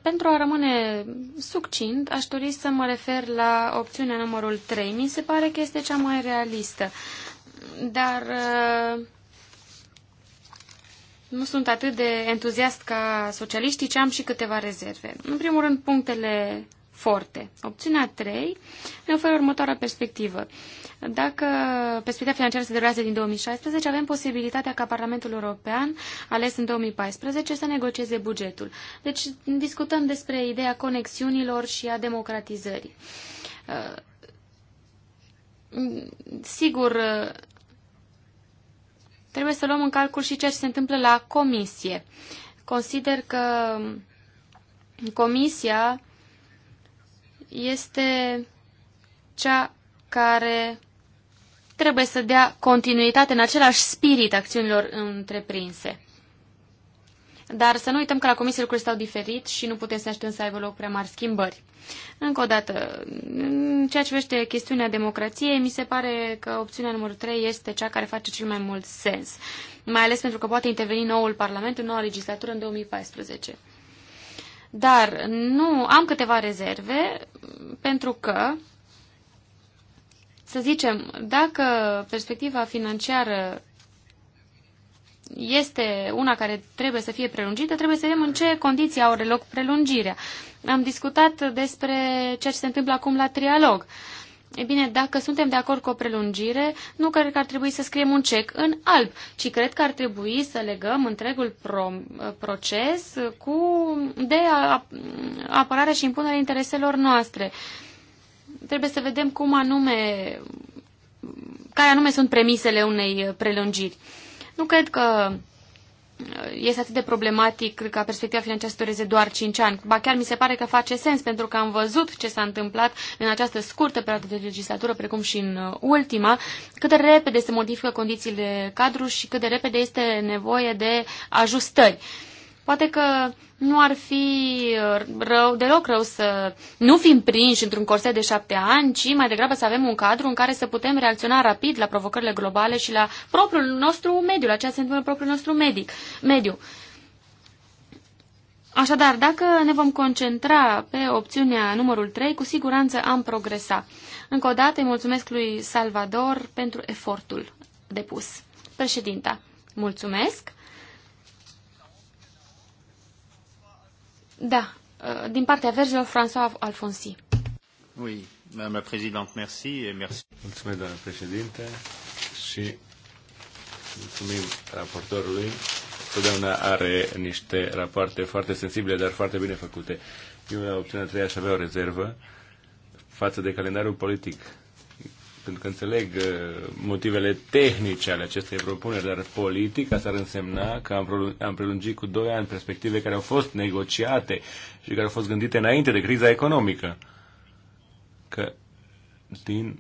Pentru a rămâne succint, aș dori să mă refer la opțiunea numărul 3. Mi se pare că este cea mai realistă, dar uh, nu sunt atât de entuziast ca socialiștii, ci am și câteva rezerve. În primul rând, punctele forte. Opțiunea 3 ne oferă următoarea perspectivă. Dacă perspectiva financiară se derulează din 2016, avem posibilitatea ca Parlamentul European, ales în 2014, să negocieze bugetul. Deci discutăm despre ideea conexiunilor și a democratizării. Sigur, trebuie să luăm în calcul și ceea ce se întâmplă la comisie. Consider că comisia este cea care trebuie să dea continuitate în același spirit acțiunilor întreprinse. Dar să nu uităm că la comisie lucrurile stau diferit și nu putem să ne așteptăm să aibă loc prea mari schimbări. Încă o dată, în ceea ce vește chestiunea democrației, mi se pare că opțiunea numărul 3 este cea care face cel mai mult sens, mai ales pentru că poate interveni noul Parlament în noua legislatură în 2014. Dar nu am câteva rezerve pentru că, să zicem, dacă perspectiva financiară este una care trebuie să fie prelungită, trebuie să vedem în ce condiții au reloc prelungirea. Am discutat despre ceea ce se întâmplă acum la trialog. E bine, dacă suntem de acord cu o prelungire, nu cred că ar trebui să scriem un cec în alb, ci cred că ar trebui să legăm întregul pro proces cu de apărarea și impunerea intereselor noastre. Trebuie să vedem cum anume, care anume sunt premisele unei prelungiri. Nu cred că uh, este atât de problematic ca perspectiva financiară să dureze doar 5 ani. Ba chiar mi se pare că face sens, pentru că am văzut ce s-a întâmplat în această scurtă perioadă de legislatură, precum și în uh, ultima, cât de repede se modifică condițiile cadru și cât de repede este nevoie de ajustări. Uh, Poate că nu ar fi rău, deloc rău să nu fim prinși într-un corset de șapte ani, ci mai degrabă să avem un cadru în care să putem reacționa rapid la provocările globale și la propriul nostru mediu, la ceea ce se întâmplă în propriul nostru medic, mediu. Așadar, dacă ne vom concentra pe opțiunea numărul 3, cu siguranță am progresa. Încă o dată îi mulțumesc lui Salvador pentru efortul depus. Președinta, mulțumesc! Da, uh, din partea verzilor, François Alfonsi. Oui, Madame la Présidente, merci et merci. Mulțumesc, doamnă președinte, și mulțumim raportorului. Totdeauna are niște rapoarte foarte sensibile, dar foarte bine făcute. Eu la opțiunea treia aș avea o rezervă față de calendarul politic pentru că înțeleg uh, motivele tehnice ale acestei propuneri, dar politica s-ar însemna că am, am prelungit cu doi ani perspective care au fost negociate și care au fost gândite înainte de criza economică. Că, din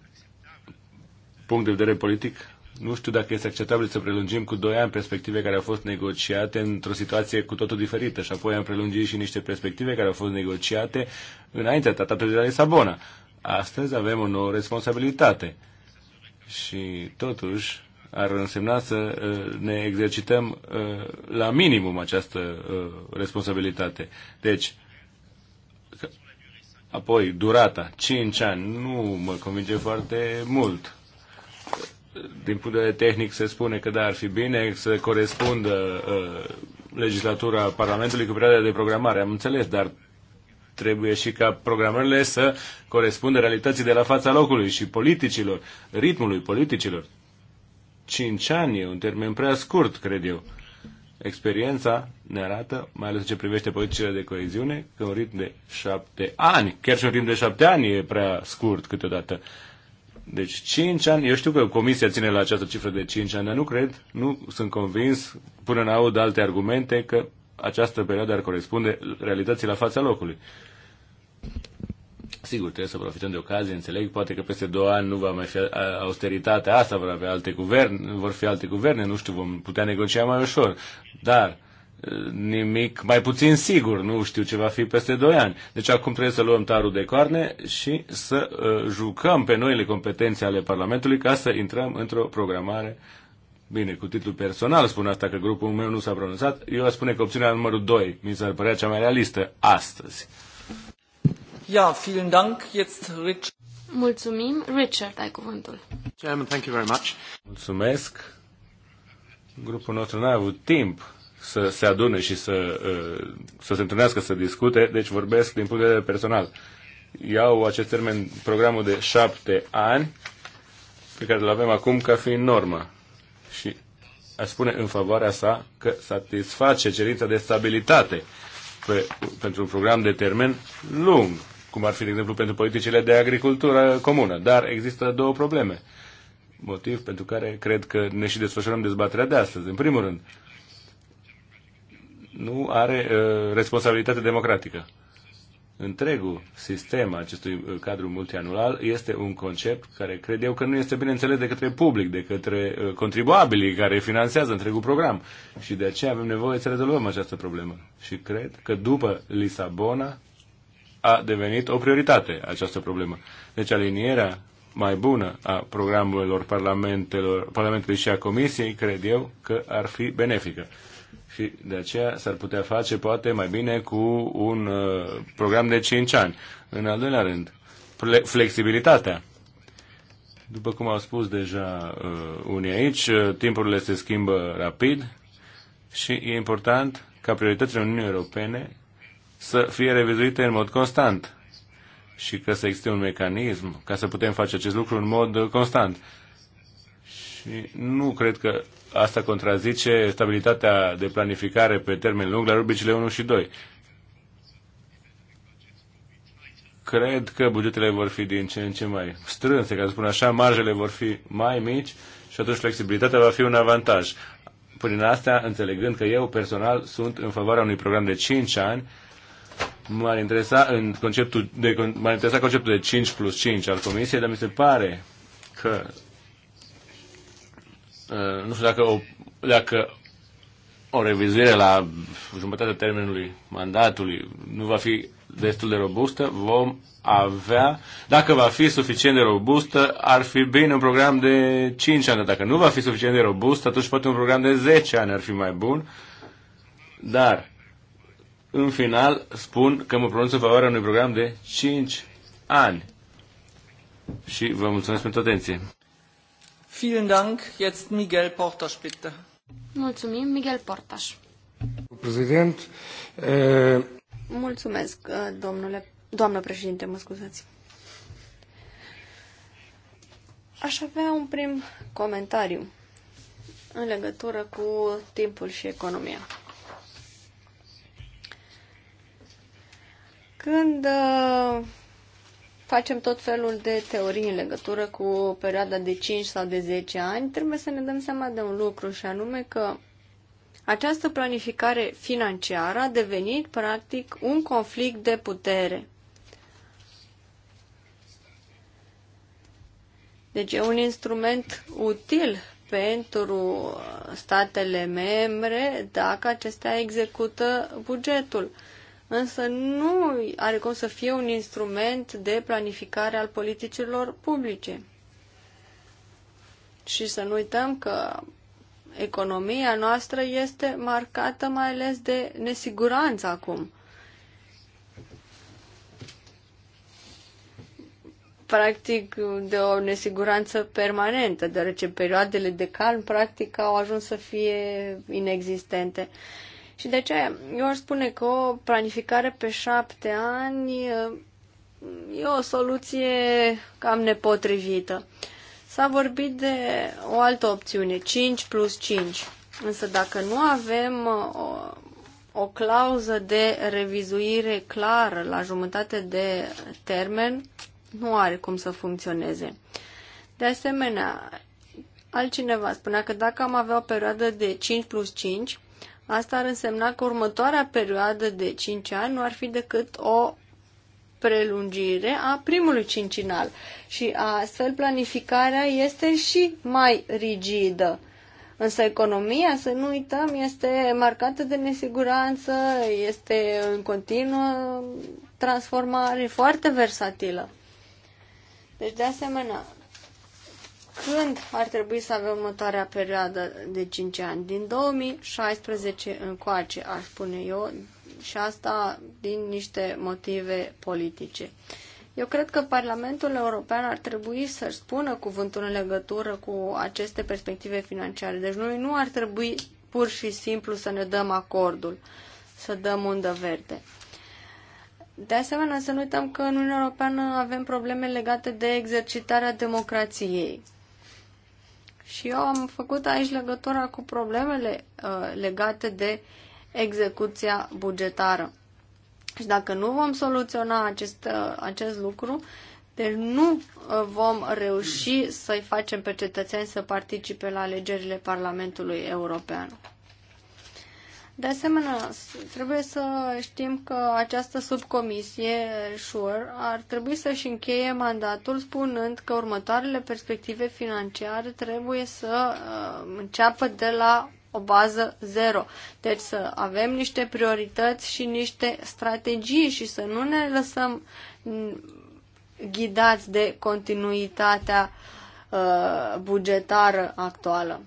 punct de vedere politic, nu știu dacă este acceptabil să prelungim cu doi ani perspective care au fost negociate într-o situație cu totul diferită și apoi am prelungit și niște perspective care au fost negociate înaintea tratatului de la Lisabona. Astăzi avem o nouă responsabilitate și totuși ar însemna să uh, ne exercităm uh, la minimum această uh, responsabilitate. Deci, apoi, durata, 5 ani, nu mă convinge foarte mult. Din punct de vedere tehnic se spune că da, ar fi bine să corespundă legislatura Parlamentului cu perioada de programare. Am înțeles, dar trebuie și ca programările să corespundă realității de la fața locului și politicilor, ritmului politicilor. Cinci ani e un termen prea scurt, cred eu. Experiența ne arată, mai ales ce privește politicile de coeziune, că un ritm de șapte ani, chiar și un ritm de șapte ani e prea scurt câteodată. Deci cinci ani, eu știu că Comisia ține la această cifră de cinci ani, dar nu cred, nu sunt convins, până în aud alte argumente, că această perioadă ar corespunde realității la fața locului. Sigur, trebuie să profităm de ocazie, înțeleg, poate că peste două ani nu va mai fi austeritatea asta, vor avea alte guverne, vor fi alte guverne, nu știu, vom putea negocia mai ușor, dar nimic mai puțin sigur, nu știu ce va fi peste doi ani. Deci acum trebuie să luăm tarul de coarne și să uh, jucăm pe noile competențe ale Parlamentului ca să intrăm într-o programare uh, Bine, cu titlul personal spun asta, că grupul meu nu s-a pronunțat. Eu aș spune că opțiunea numărul 2 mi s-ar părea cea mai realistă astăzi. Ja, vielen Dank. Jetzt Rich. Mulțumim. Richard, ai cuvântul. Chairman, thank you very much. Mulțumesc. Grupul nostru n-a avut timp să se adune și să, uh, să se întâlnească, să discute, deci vorbesc din punct de vedere personal. Iau acest termen, programul de șapte ani, pe care îl avem acum ca fiind normă și aș spune în favoarea sa că satisface cerința de stabilitate pe, pentru un program de termen lung, cum ar fi, de exemplu, pentru politicile de agricultură comună. Dar există două probleme, motiv pentru care cred că ne și desfășurăm dezbaterea de astăzi. În primul rând, nu are uh, responsabilitate democratică. Uh, întregul sistem acestui uh, cadru multianual este un concept care cred eu că nu este bine înțeles de către public, de către uh, contribuabilii care finanțează întregul program. Și de aceea avem nevoie să rezolvăm această problemă. Și cred că după Lisabona a devenit o prioritate această problemă. Deci alinierea mai bună a programelor parlamentelor, parlamentului și a comisiei, cred eu că ar fi benefică și de aceea s-ar putea face poate mai bine cu un uh, program de 5 ani. În al doilea rând, flexibilitatea. După cum au spus deja uh, unii aici, uh, timpurile se schimbă rapid și e important ca prioritățile Uniunii Europene să fie revizuite în mod constant și că să existe un mecanism ca să putem face acest lucru în mod constant. Și nu cred că Asta contrazice stabilitatea de planificare pe termen lung la rubricile 1 și 2. Cred că bugetele vor fi din ce în ce mai strânse, ca să spun așa, marjele vor fi mai mici și atunci flexibilitatea va fi un avantaj. Prin astea, înțelegând că eu personal sunt în favoarea unui program de 5 ani, m-ar interesa, în conceptul de, m-ar interesa conceptul de 5 plus 5 al Comisiei, dar mi se pare că Uh, nu știu dacă o, dacă o revizuire la jumătatea termenului mandatului nu va fi destul de robustă, vom avea, dacă va fi suficient de robustă, ar fi bine un program de 5 ani, dacă nu va fi suficient de robust, atunci poate un program de 10 ani ar fi mai bun, dar în final spun că mă pronunț în favoarea unui program de 5 ani. Și vă mulțumesc pentru atenție. Miguel Portas, bitte. Mulțumim, Miguel Portas. Prezident. E... Mulțumesc, domnule, doamnă președinte, mă scuzați. Aș avea un prim comentariu în legătură cu timpul și economia. Când facem tot felul de teorii în legătură cu perioada de 5 sau de 10 ani, trebuie să ne dăm seama de un lucru și anume că această planificare financiară a devenit practic un conflict de putere. Deci e un instrument util pentru statele membre dacă acestea execută bugetul însă nu are cum să fie un instrument de planificare al politicilor publice. Și să nu uităm că economia noastră este marcată mai ales de nesiguranță acum. practic de o nesiguranță permanentă, deoarece perioadele de calm practic au ajuns să fie inexistente. Uh, și de ce? Eu aș spune că o planificare pe șapte ani e o soluție cam nepotrivită. S-a vorbit de o altă opțiune, 5 plus 5. Însă dacă nu avem o, o clauză de revizuire clară la jumătate de termen, nu are cum să funcționeze. De asemenea, altcineva spunea că dacă am avea o perioadă de 5 plus 5, Asta ar însemna că următoarea perioadă de 5 ani nu ar fi decât o prelungire a primului cincinal și astfel planificarea este și mai rigidă. Însă economia, să nu uităm, este marcată de nesiguranță, este în continuă transformare, foarte versatilă. Deci, de asemenea, când ar trebui să avem următoarea perioadă de 5 ani? Din 2016 încoace, aș spune eu, și asta din niște motive politice. Eu cred că Parlamentul European ar trebui să-și spună cuvântul în legătură cu aceste perspective financiare. Deci noi nu ar trebui pur și simplu să ne dăm acordul, să dăm undă verde. De asemenea, să nu uităm că în Uniunea Europeană avem probleme legate de exercitarea democrației. Și eu am făcut aici legătura cu problemele uh, legate de execuția bugetară. Și dacă nu vom soluționa acest, uh, acest lucru, deci nu uh, vom reuși să-i facem pe cetățeni să participe la alegerile Parlamentului European. De asemenea, trebuie să știm că această subcomisie, SURE, ar trebui să-și încheie mandatul spunând că următoarele perspective financiare trebuie să uh, înceapă de la o bază zero. Deci să avem niște priorități și niște strategii și să nu ne lăsăm mm, ghidați de continuitatea uh, bugetară actuală.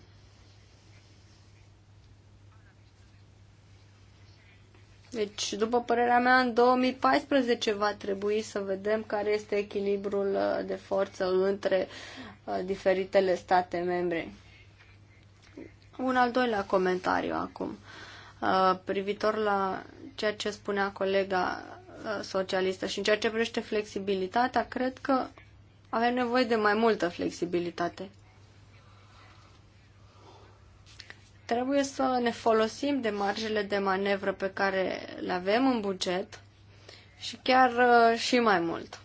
Deci, după părerea mea, în 2014 va trebui să vedem care este echilibrul uh, de forță între uh, diferitele state membre. Un al doilea comentariu acum, uh, privitor la ceea ce spunea colega socialistă și în ceea ce privește flexibilitatea, cred că avem nevoie de mai multă flexibilitate. Trebuie să ne folosim de marjele de manevră pe care le avem în buget și chiar uh, și mai mult.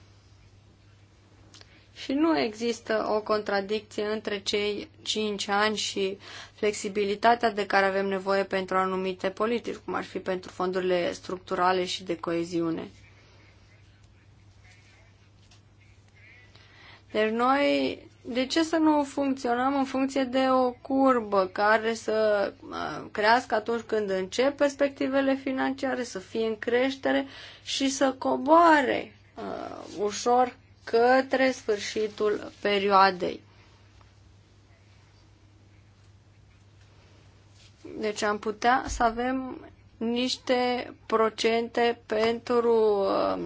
Și nu există o contradicție între cei 5 ani și flexibilitatea de care avem nevoie pentru anumite politici, cum ar fi pentru fondurile structurale și de coeziune. Deci noi de ce să nu funcționăm în funcție de o curbă care să uh, crească atunci când încep perspectivele financiare, să fie în creștere și să coboare uh, ușor către sfârșitul perioadei. Deci am putea să avem niște procente pentru uh,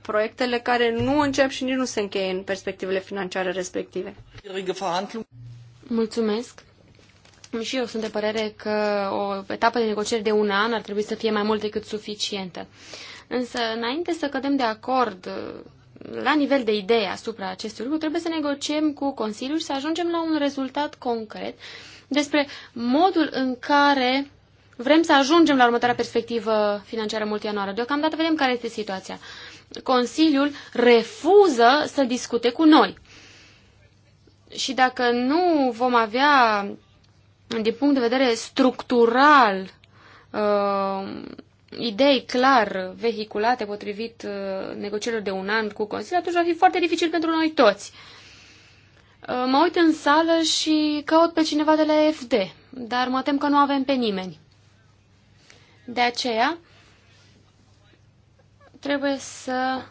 proiectele care nu încep și nici nu se încheie în perspectivele financiare respective. Mulțumesc. Și eu sunt de părere că o etapă de negocieri de un an ar trebui să fie mai mult decât suficientă. Însă, înainte să cădem de acord uh, la nivel de idee asupra acestui lucru, trebuie să negociem cu Consiliul și să ajungem la un rezultat concret despre modul în care vrem să ajungem la următoarea perspectivă financiară multianuară. Deocamdată vedem care este situația. Consiliul refuză să discute cu noi. Și dacă nu vom avea, din punct de vedere structural, uh, idei clar vehiculate potrivit uh, negocierilor de un an cu Consiliul, atunci va fi foarte dificil pentru noi toți. Uh, mă uit în sală și caut pe cineva de la FD, dar mă tem că nu avem pe nimeni. De aceea, trebuie să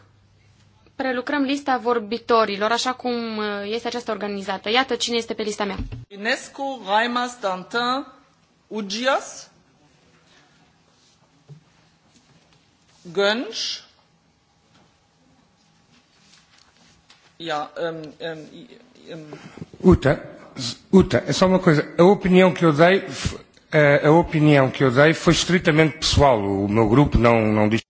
prelucrăm lista vorbitorilor, așa cum uh, este aceasta organizată. Iată cine este pe lista mea. Inescu, Raimas, Dantin, Ugias, Gönch. ja, um, um, um. Uta, Uta, é só uma coisa. A opinião que eu dei, a opinião que eu dei foi estritamente pessoal. O meu grupo não, não diz...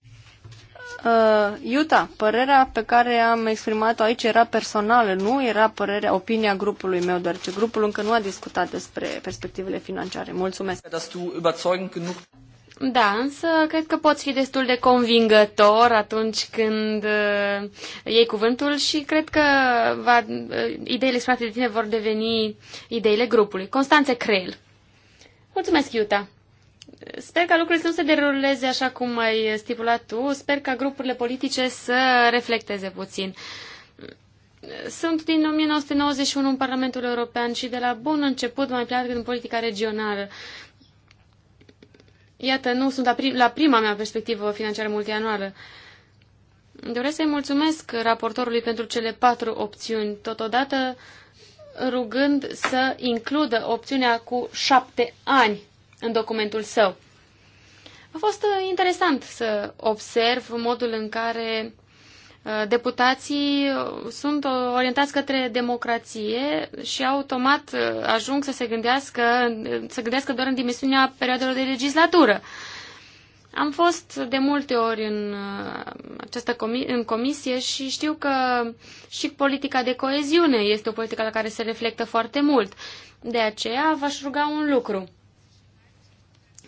Uh, Iuta, părerea pe care am exprimat-o aici era personală, nu era părerea, opinia grupului meu, doar ce grupul încă nu a discutat despre perspectivele financiare. Mulțumesc! Da, însă cred că poți fi destul de convingător atunci când uh, iei cuvântul și cred că va, uh, ideile exprimate de tine vor deveni ideile grupului. Constanțe Creel. Mulțumesc, Iuta! Sper ca lucrurile să nu se deruleze așa cum ai stipulat tu. Sper ca grupurile politice să reflecteze puțin. Sunt din 1991 în Parlamentul European și de la bun început mai pleacă în politica regională. Iată, nu sunt la prima mea perspectivă financiară multianuală. Doresc să-i mulțumesc raportorului pentru cele patru opțiuni, totodată rugând să includă opțiunea cu șapte ani în documentul său. A fost uh, interesant să observ modul în care uh, deputații uh, sunt orientați către democrație și automat ajung să se gândească, să gândească doar în dimensiunea perioadelor de legislatură. Am fost de multe ori în această comi- în comisie și știu că și politica de coeziune este o politică la care se reflectă foarte mult. De aceea v-aș ruga un lucru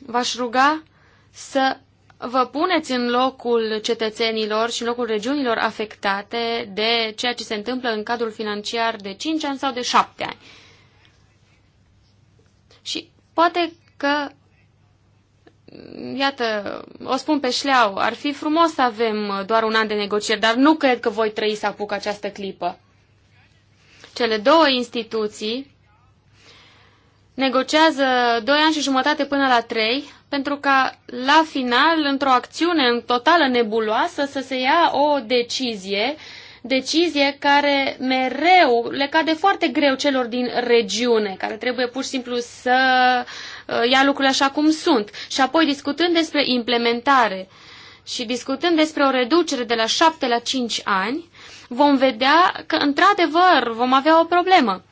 v-aș ruga să vă puneți în locul cetățenilor și în locul regiunilor afectate de ceea ce se întâmplă în cadrul financiar de 5 ani sau de 7 ani. Și poate că, iată, o spun pe șleau, ar fi frumos să avem doar un an de negocieri, dar nu cred că voi trăi să apuc această clipă. Cele două instituții negociază 2 ani și jumătate până la 3, pentru ca la final, într-o acțiune în totală nebuloasă, să se ia o decizie, decizie care mereu le cade foarte greu celor din regiune, care trebuie pur și simplu să uh, ia lucrurile așa cum sunt. Și apoi, discutând despre implementare și discutând despre o reducere de la 7 la 5 ani, vom vedea că, într-adevăr, vom avea o problemă.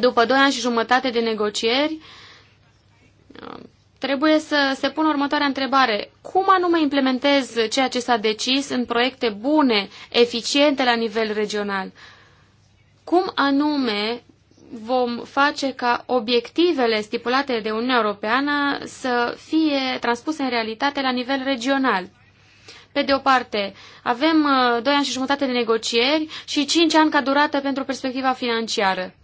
După doi ani și jumătate de negocieri, uh, trebuie să se pună următoarea întrebare. Cum anume implementez ceea ce s-a decis în proiecte bune, eficiente la nivel regional? Cum anume vom face ca obiectivele stipulate de Uniunea Europeană să fie transpuse în realitate la nivel regional? Pe de o parte, avem uh, doi ani și jumătate de negocieri și cinci ani ca durată pentru perspectiva financiară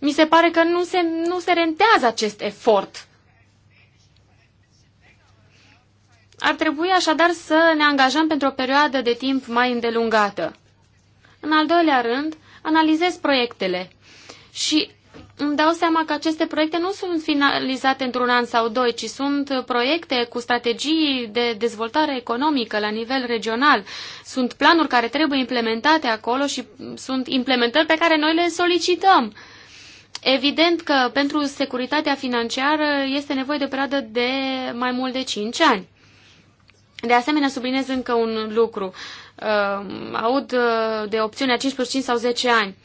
mi se pare că nu se, nu se rentează acest efort. Ar trebui așadar să ne angajăm pentru o perioadă de timp mai îndelungată. În al doilea rând, analizez proiectele și îmi dau seama că aceste proiecte nu sunt finalizate într-un an sau doi, ci sunt proiecte cu strategii de dezvoltare economică la nivel regional. Sunt planuri care trebuie implementate acolo și sunt implementări pe care noi le solicităm. Evident că pentru securitatea financiară este nevoie de o perioadă de mai mult de 5 ani. De asemenea, subliniez încă un lucru. Uh, Aud uh, de opțiunea 5 plus 5 sau 10 ani.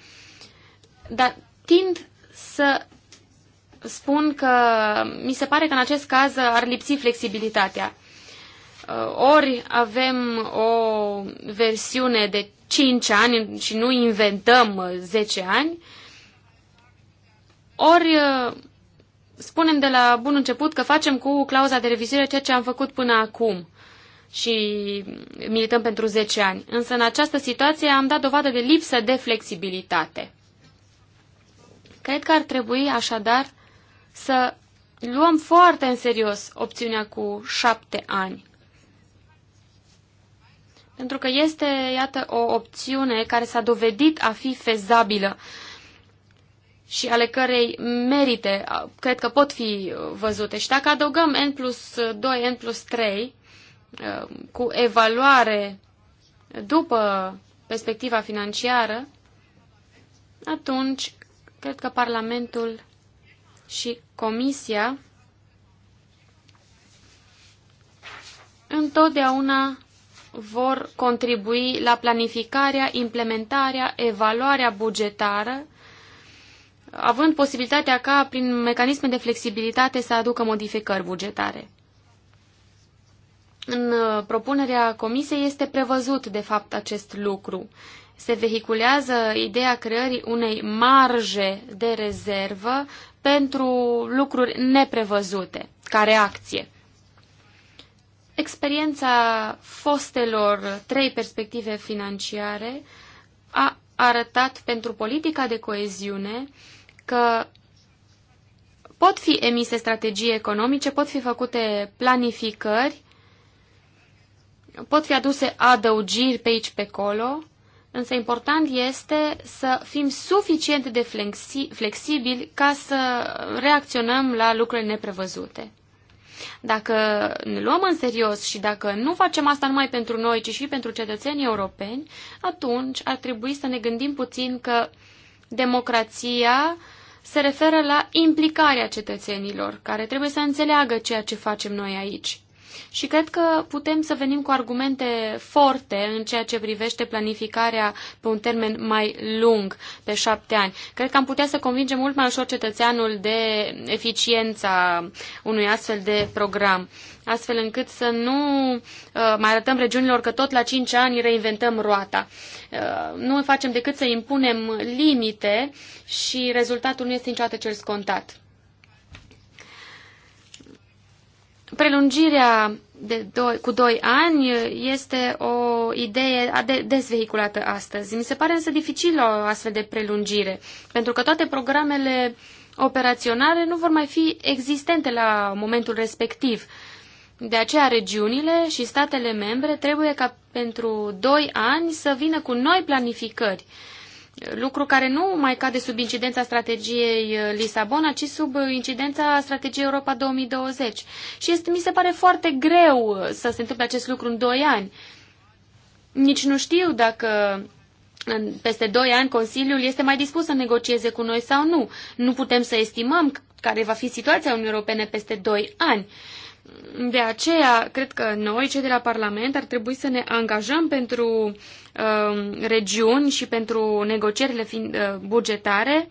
Dar tind să spun că mi se pare că în acest caz ar lipsi flexibilitatea. Uh, Ori avem o versiune de 5 ani și nu inventăm 10 ani, ori uh, spunem de la bun început că facem cu clauza de revizuire ceea ce am făcut până acum și milităm pentru 10 ani. Însă în această situație am dat dovadă de lipsă de flexibilitate. Cred că ar trebui așadar să luăm foarte în serios opțiunea cu șapte ani. Pentru că este, iată, o opțiune care s-a dovedit a fi fezabilă și ale cărei merite cred că pot fi uh, văzute. Și dacă adăugăm N plus 2, N plus 3 uh, cu evaluare după perspectiva financiară, atunci cred că Parlamentul și Comisia întotdeauna vor contribui la planificarea, implementarea, evaluarea bugetară având posibilitatea ca prin mecanisme de flexibilitate să aducă modificări bugetare. În uh, propunerea comisiei este prevăzut, de fapt, acest lucru. Se vehiculează ideea creării unei marje de rezervă pentru lucruri neprevăzute, ca reacție. Experiența fostelor trei perspective financiare a arătat pentru politica de coeziune că pot fi emise strategii economice, pot fi făcute planificări, pot fi aduse adăugiri pe aici, pe acolo, însă important este să fim suficient de flexi flexibili ca să reacționăm la lucruri neprevăzute. Dacă ne luăm în serios și dacă nu facem asta numai pentru noi, ci și pentru cetățenii europeni, atunci ar trebui să ne gândim puțin că uh, Democrația se referă la implicarea cetățenilor, care trebuie să înțeleagă ceea ce facem noi aici. Și cred că putem să venim cu argumente forte în ceea ce privește planificarea pe un termen mai lung, pe șapte ani. Cred că am putea să convingem mult mai ușor cetățeanul de eficiența unui astfel de program astfel încât să nu uh, mai arătăm regiunilor că tot la 5 ani reinventăm roata. Uh, nu facem decât să impunem limite și rezultatul nu este niciodată cel scontat. prelungirea de doi, cu doi ani este o idee dezvehiculată astăzi. Mi se pare însă dificil o astfel de prelungire, pentru că toate programele operaționale nu vor mai fi existente la momentul respectiv. De aceea, regiunile și statele membre trebuie ca pentru doi ani să vină cu noi planificări. Uh, lucru care nu mai cade sub incidența strategiei uh, Lisabona, ci sub incidența strategiei Europa 2020. Și este, mi se pare foarte greu uh, să se întâmple acest lucru în doi ani. Nici nu știu dacă peste doi ani Consiliul este mai dispus să negocieze cu noi sau nu. Nu putem să estimăm care va fi situația Uniunii Europene peste doi ani. De aceea, cred că noi, cei de la Parlament, ar trebui să ne angajăm pentru uh, regiuni și pentru negocierile fiind, uh, bugetare,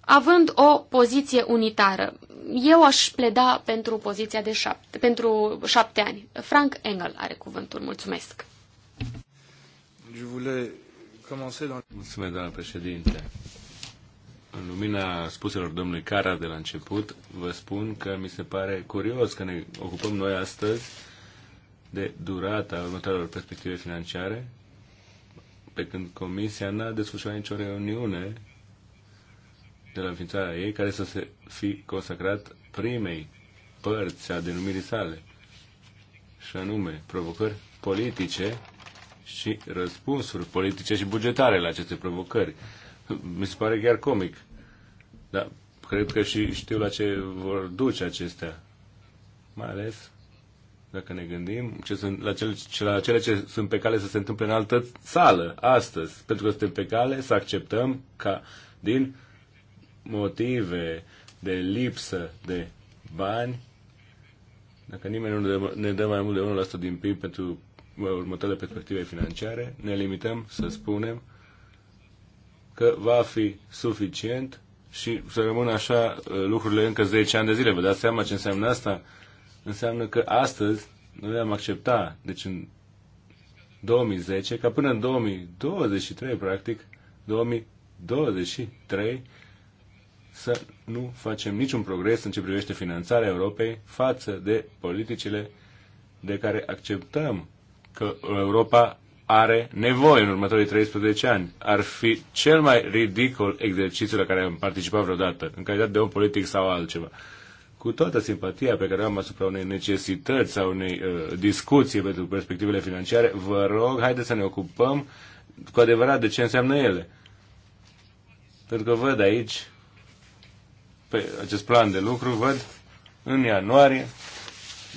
având o poziție unitară. Eu aș pleda pentru poziția de șapte, pentru șapte ani. Frank Engel are cuvântul. Mulțumesc. Mulțumesc, doamnă președinte în lumina spuselor domnului Cara de la început, vă spun că mi se pare curios că ne ocupăm noi astăzi de durata următoarelor perspective financiare, pe când Comisia n-a desfășurat nicio reuniune de la înființarea ei care să se fi consacrat primei părți a denumirii sale, și anume provocări politice și răspunsuri politice și bugetare la aceste provocări. [LAUGHS] Mi se pare chiar comic. Dar cred că și știu la ce vor duce acestea. Mai ales dacă ne gândim ce sunt, la, cele, la cele ce sunt pe cale să se întâmple în altă sală astăzi. Pentru că suntem pe cale să acceptăm ca din motive de lipsă de bani, dacă nimeni nu dă, ne dă mai mult de 1% din PIB pentru următoarele perspective financiare, ne limităm să spunem că va fi suficient și să rămână așa uh, lucrurile încă 10 ani de zile. Vă dați seama ce înseamnă asta? Înseamnă că astăzi noi am acceptat, deci în 2010, ca până în 2023, practic, 2023, să nu facem niciun progres în ce privește finanțarea Europei față de politicile de care acceptăm că Europa are nevoie în următorii 13 ani. Ar fi cel mai ridicol exercițiu la care am participat vreodată, în calitate de om politic sau altceva. Cu toată simpatia pe care am asupra unei necesități sau unei uh, discuții pentru perspectivele financiare, vă rog, haideți să ne ocupăm cu adevărat de ce înseamnă ele. Pentru că văd aici, pe acest plan de lucru, văd în ianuarie,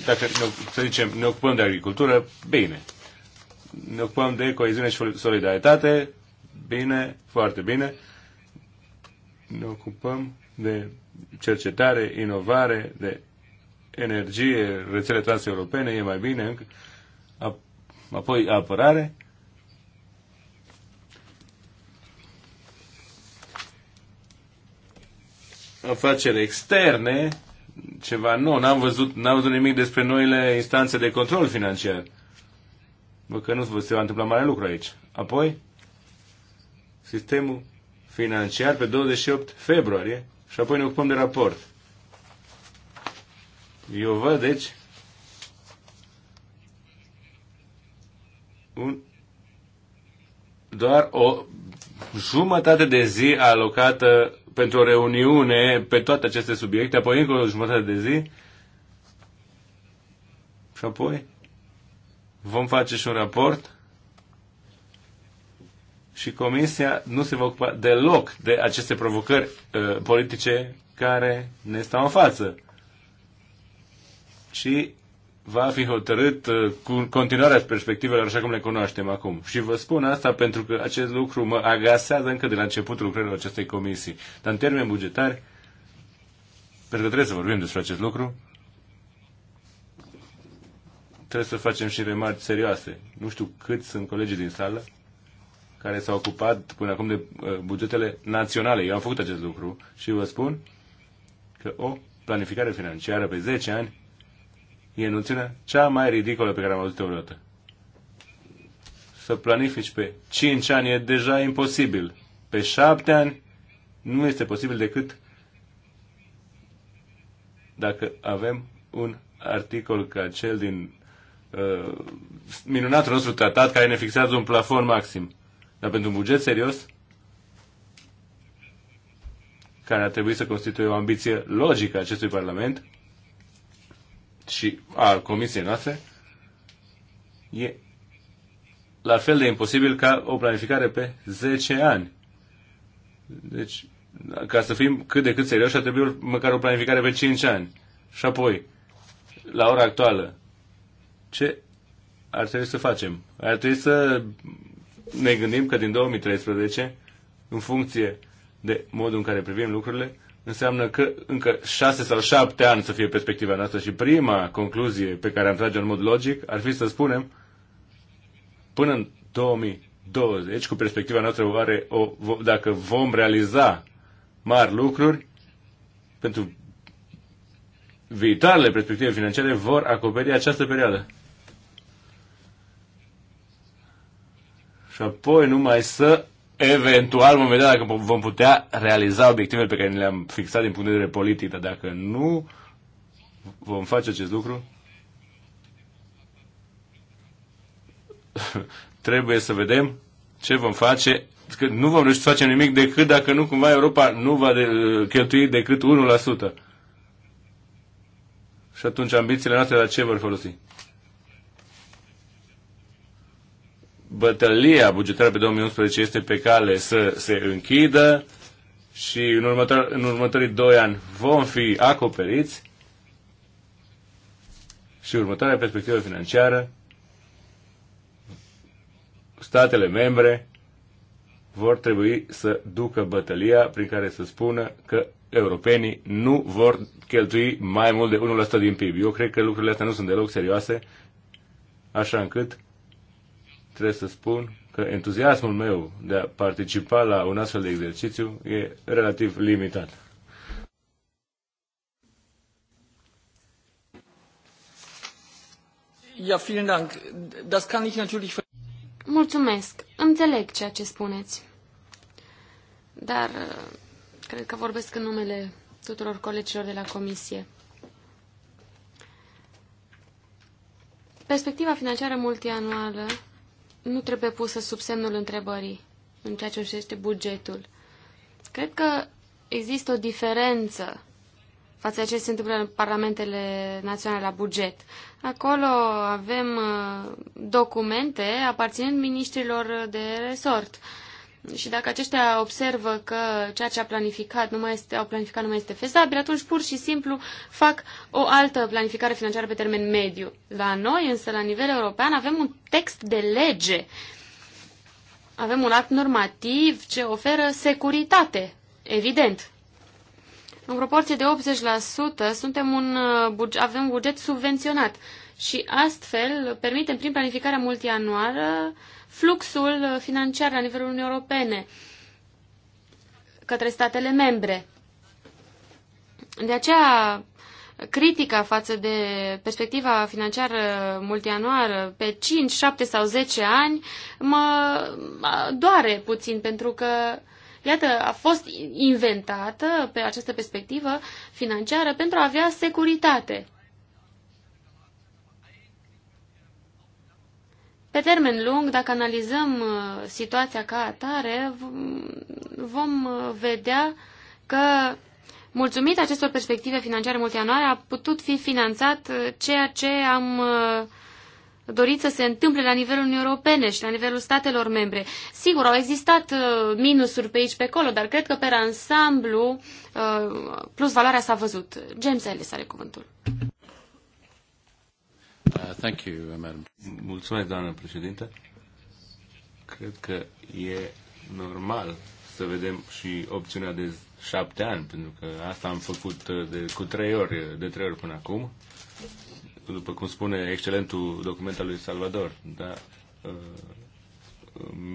dacă ne, să zicem, ne ocupăm de agricultură, bine, ne ocupăm de coeziune și solidaritate. Bine, foarte bine. Ne ocupăm de cercetare, inovare, de energie, rețele transeuropene, e mai bine. Apoi apărare. afaceri externe, ceva nou. N-am văzut, n-am văzut nimic despre noile instanțe de control financiar. Bă, că nu se va întâmpla mare lucru aici. Apoi, sistemul financiar pe 28 februarie și apoi ne ocupăm de raport. Eu văd, deci, un, doar o jumătate de zi alocată pentru o reuniune pe toate aceste subiecte, apoi încă o jumătate de zi și apoi Vom face și un raport și Comisia nu se va ocupa deloc de aceste provocări uh, politice care ne stau în față. Și va fi hotărât uh, cu continuarea perspectivelor așa cum le cunoaștem acum. Și vă spun asta pentru că acest lucru mă agasează încă de la începutul lucrărilor acestei comisii. Dar în termeni bugetari, pentru că trebuie să vorbim despre acest lucru, trebuie să facem și remarci serioase. Nu știu cât sunt colegii din sală care s-au ocupat până acum de uh, bugetele naționale. Eu am făcut acest lucru și vă spun că o planificare financiară pe 10 ani e noțiunea cea mai ridicolă pe care am auzit-o vreodată. Să planifici pe 5 ani e deja imposibil. Pe 7 ani nu este posibil decât dacă avem un articol ca cel din uh, minunatul nostru tratat care ne fixează un plafon maxim. Dar pentru un buget serios, care ar trebui să constituie o ambiție logică a acestui Parlament și a Comisiei noastre, e la fel de imposibil ca o planificare pe 10 ani. Deci, ca să fim cât de cât serioși, ar trebui măcar o planificare pe 5 ani. Și apoi, la ora actuală, ce ar trebui să facem? Ar trebui să ne gândim că din 2013, în funcție de modul în care privim lucrurile, înseamnă că încă șase sau șapte ani să fie perspectiva noastră și prima concluzie pe care am trage în mod logic ar fi să spunem până în 2020, cu perspectiva noastră, oare o, dacă vom realiza mari lucruri, pentru viitoarele perspective financiare vor acoperi această perioadă. și apoi numai să eventual vom vedea dacă vom putea realiza obiectivele pe care ne le-am fixat din punct de vedere politic, dar dacă nu vom face acest lucru, [LAUGHS] trebuie să vedem ce vom face, că nu vom reuși să facem nimic decât dacă nu cumva Europa nu va de, cheltui decât 1%. Și atunci ambițiile noastre la ce vor folosi? bătălia bugetară pe 2011 este pe cale să se închidă și în, următor, în următorii doi ani vom fi acoperiți și următoarea perspectivă financiară statele membre vor trebui să ducă bătălia prin care să spună că europenii nu vor cheltui mai mult de 1% din PIB. Eu cred că lucrurile astea nu sunt deloc serioase, așa încât trebuie să spun că entuziasmul meu de a participa la un astfel de exercițiu e relativ limitat. Ja, vielen Dank. Das kann ich natürlich Mulțumesc. Înțeleg ceea ce spuneți. Dar uh, cred că vorbesc în numele tuturor colegilor de la comisie. Perspectiva financiară multianuală nu trebuie pusă sub semnul întrebării în ceea ce înșește bugetul. Cred că există o diferență față de ce se întâmplă în parlamentele naționale la buget. Acolo avem uh, documente aparținând ministrilor de resort. Uh, și dacă aceștia observă că ceea ce a planificat nu mai este, au planificat nu mai este fezabil, atunci pur și simplu fac o altă planificare financiară pe termen mediu. La noi, însă, la nivel european, avem un text de lege. Avem un act normativ ce oferă securitate, evident. În proporție de 80% suntem un, uh, avem un buget subvenționat și astfel permitem prin planificarea multianuală uh, fluxul uh, financiar la nivelul Uniunii Europene către statele membre. De aceea, critica față de perspectiva financiară multianuară pe 5, 7 sau 10 ani mă doare puțin pentru că Iată, a fost inventată pe această perspectivă financiară pentru a avea securitate. Pe termen lung, dacă analizăm uh, situația ca atare, vom uh, vedea că, mulțumit acestor perspective financiare multianuare, a putut fi finanțat uh, ceea ce am dorit să se întâmple la nivelul Uniunii Europene și la nivelul statelor membre. Sigur, au existat minusuri pe aici, pe acolo, dar cred că pe ansamblu plus valoarea s-a văzut. James Ellis are cuvântul thank you, madam. Mulțumesc, doamnă președinte. Cred că e normal să vedem și opțiunea de șapte ani, pentru că asta am făcut uh, de, cu trei ori, uh, de trei ori până acum, după cum spune excelentul document al lui Salvador. Da, uh,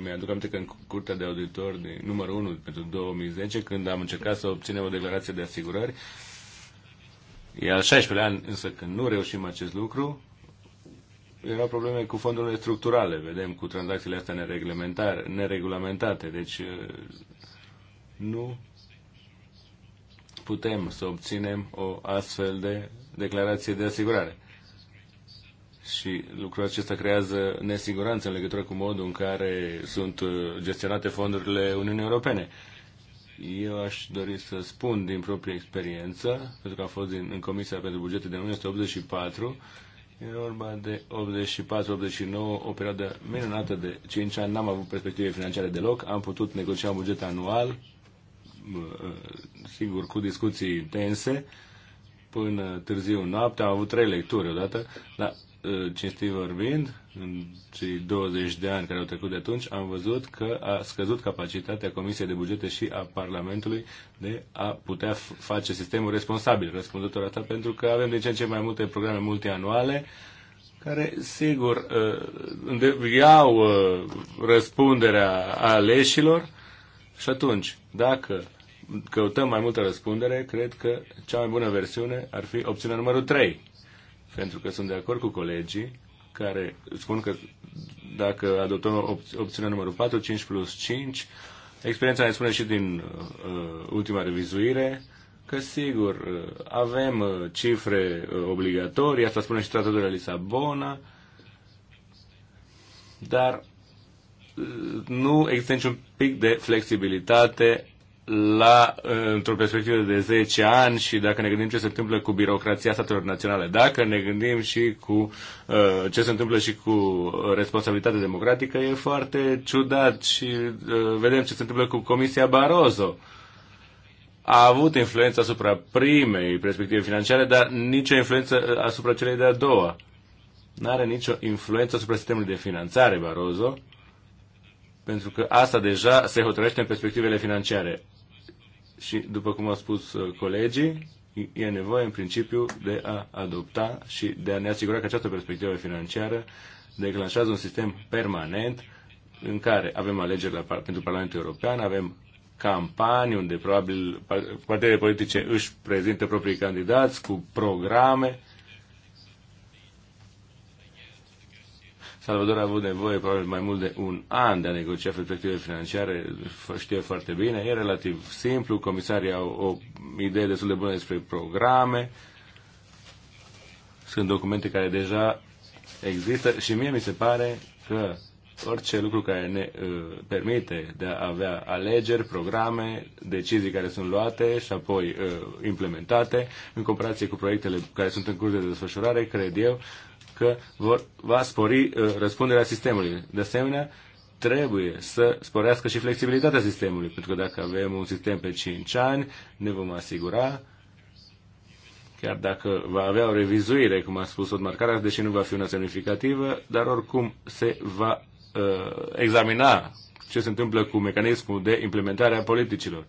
mi-aduc aminte că în curtea de auditor de numărul 1 pentru 2010, când am încercat să obținem o declarație de asigurări, e al 16-lea an, însă când nu reușim acest lucru, erau probleme cu fondurile structurale, vedem, cu tranzacțiile astea nereglementare, neregulamentate. Deci eh, nu putem să obținem o astfel de declarație de asigurare. Și lucrul acesta creează nesiguranță în legătură cu modul în care sunt eh, gestionate fondurile Uniunii Europene. Eu aș dori să spun din proprie experiență, pentru că am fost din, în Comisia pentru Bugete din 1984, în urma de 84-89, o perioadă minunată de 5 ani. N-am avut perspective financiare deloc. Am putut negocia un buget anual, ă, sigur, cu discuții intense, până târziu noapte. Am avut trei lecturi odată, dar ă, cinstit vorbind, în cei 20 de ani care au trecut de atunci, am văzut că a scăzut capacitatea Comisiei de Bugete și a Parlamentului de a putea face sistemul responsabil, răspunzător asta, pentru că avem de ce în ce mai multe programe multianuale care, sigur, uh, iau uh, răspunderea aleșilor și atunci, dacă căutăm mai multă răspundere, cred că cea mai bună versiune ar fi opțiunea numărul 3. Pentru că sunt de acord cu colegii care spun că dacă adoptăm op- opțiunea numărul 4, 5 plus 5, experiența ne spune și din uh, ultima revizuire că, sigur, uh, avem uh, cifre uh, obligatorii, asta spune și tratatul de Lisabona, dar uh, nu există niciun pic de flexibilitate la, într-o perspectivă de 10 ani și dacă ne gândim ce se întâmplă cu birocrația statelor naționale, dacă ne gândim și cu uh, ce se întâmplă și cu responsabilitatea democratică, e foarte ciudat și uh, vedem ce se întâmplă cu Comisia Barroso a avut influență asupra primei perspective financiare, dar nicio influență uh, asupra celei de-a doua. Nu are nicio influență asupra sistemului de finanțare, Barroso, pentru că asta deja se hotărăște în perspectivele financiare și, după cum au spus uh, colegii, e nevoie în principiu de a adopta și de a ne asigura că această perspectivă financiară declanșează un sistem permanent în care avem alegeri la, pentru Parlamentul European, avem campanii unde probabil partidele politice își prezintă proprii candidați cu programe Salvador a avut nevoie probabil mai mult de un an de a negocia perspectivele financiare, știe foarte bine, e relativ simplu, comisarii au o idee destul de bună despre programe, sunt documente care deja există și mie mi se pare că orice lucru care ne uh, permite de a avea alegeri, programe, decizii care sunt luate și apoi uh, implementate, în comparație cu proiectele care sunt în curs de desfășurare, cred eu, că vor, va spori uh, răspunderea sistemului. De asemenea, trebuie să sporească și flexibilitatea sistemului, pentru că dacă avem un sistem pe 5 ani, ne vom asigura chiar dacă va avea o revizuire, cum a spus o marcarea, deși nu va fi una semnificativă, dar oricum se va uh, examina ce se întâmplă cu mecanismul de implementare a politicilor.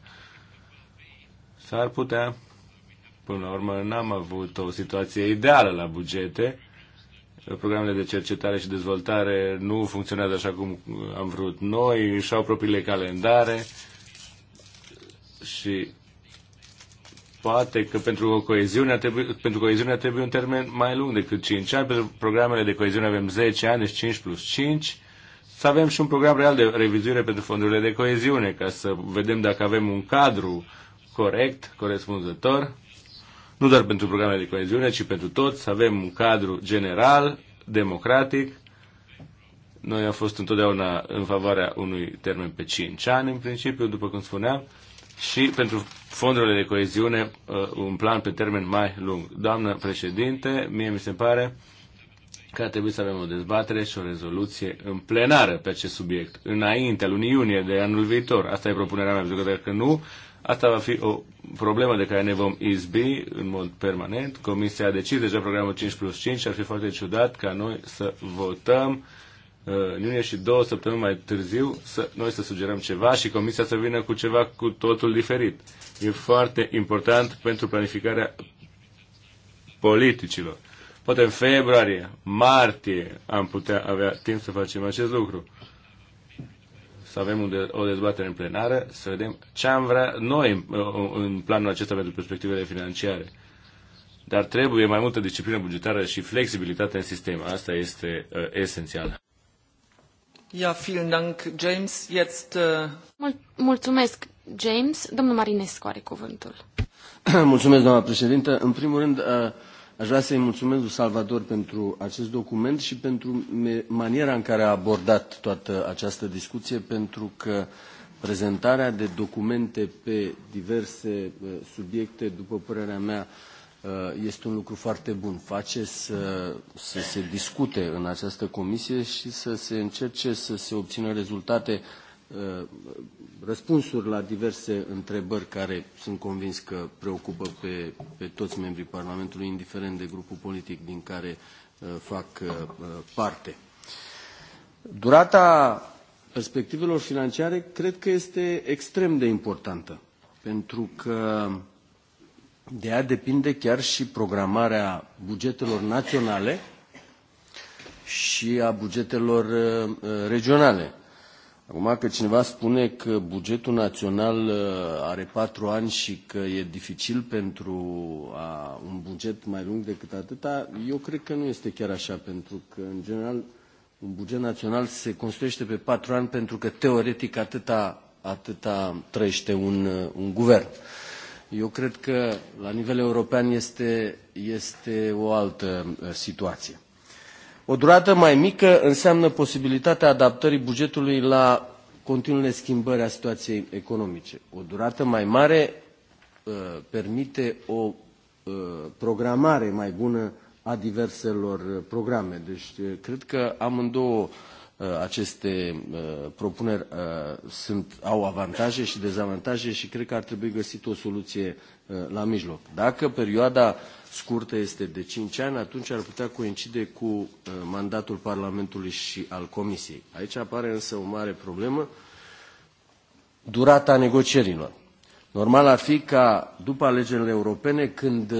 S-ar putea, până la urmă, n-am avut o situație ideală la bugete, programele de cercetare și dezvoltare nu funcționează așa cum am vrut noi, își au propriile calendare și poate că pentru coeziune trebuie, pentru coeziune trebuie un termen mai lung decât 5 ani, pentru programele de coeziune avem 10 ani, deci 5 plus 5, să avem și un program real de revizuire pentru fondurile de coeziune, ca să vedem dacă avem un cadru corect, corespunzător nu doar pentru programele de coeziune, ci pentru toți, să avem un cadru general, democratic. Noi am fost întotdeauna în favoarea unui termen pe 5 ani, în principiu, după cum spuneam, și pentru fondurile de coeziune uh, un plan pe termen mai lung. Doamnă președinte, mie mi se pare că ar trebui să avem o dezbatere și o rezoluție în plenară pe acest subiect, înainte, al lunii iunie de anul viitor. Asta e propunerea mea, pentru că dacă nu, Asta va fi o problemă de care ne vom izbi în mod permanent. Comisia a decis deja programul 5 plus 5 și ar fi foarte ciudat ca noi să votăm uh, în iunie și două săptămâni mai târziu să, noi să sugerăm ceva și comisia să vină cu ceva cu totul diferit. E foarte important pentru planificarea politicilor. Poate în februarie, martie am putea avea timp să facem acest lucru să avem un de, o dezbatere în plenară, să vedem ce am vrea noi uh, în planul acesta pentru perspectivele financiare. Dar trebuie mai multă disciplină bugetară și flexibilitate în sistem. Asta este uh, esențial. Ja, vielen Dank, James. Jetzt, uh... Mul- mulțumesc, James. Domnul Marinescu are cuvântul. [CLEARS THROAT] mulțumesc, doamna președintă. În primul rând, uh, Aș vrea să-i mulțumesc lui Salvador pentru acest document și pentru maniera în care a abordat toată această discuție, pentru că prezentarea de documente pe diverse uh, subiecte, după părerea mea, uh, este un lucru foarte bun. Face să, să se discute în această comisie și să se încerce să se obțină rezultate Uh, răspunsuri la diverse întrebări care sunt convins că preocupă pe, pe toți membrii Parlamentului, indiferent de grupul politic din care uh, fac uh, parte. Durata perspectivelor financiare cred că este extrem de importantă, pentru că de ea depinde chiar și programarea bugetelor naționale și a bugetelor regionale. Acum că cineva spune că bugetul național uh, are patru ani și că e dificil pentru a, un buget mai lung decât atâta, eu cred că nu este chiar așa, pentru că, în general, un buget național se construiește pe patru ani pentru că, teoretic, atâta, atâta trăiește un, uh, un guvern. Eu cred că, la nivel european, este, este o altă uh, situație. O durată mai mică înseamnă posibilitatea adaptării bugetului la continuele schimbări a situației economice. O durată mai mare uh, permite o uh, programare mai bună a diverselor uh, programe. Deci uh, cred că amândouă Uh, aceste uh, propuneri uh, sunt, au avantaje și dezavantaje și cred că ar trebui găsit o soluție la mijloc. Dacă perioada scurtă este de cinci ani, atunci ar putea coincide cu mandatul Parlamentului și al Comisiei. Aici apare însă o mare problemă, durata negocierilor. Normal ar fi ca după alegerile europene, când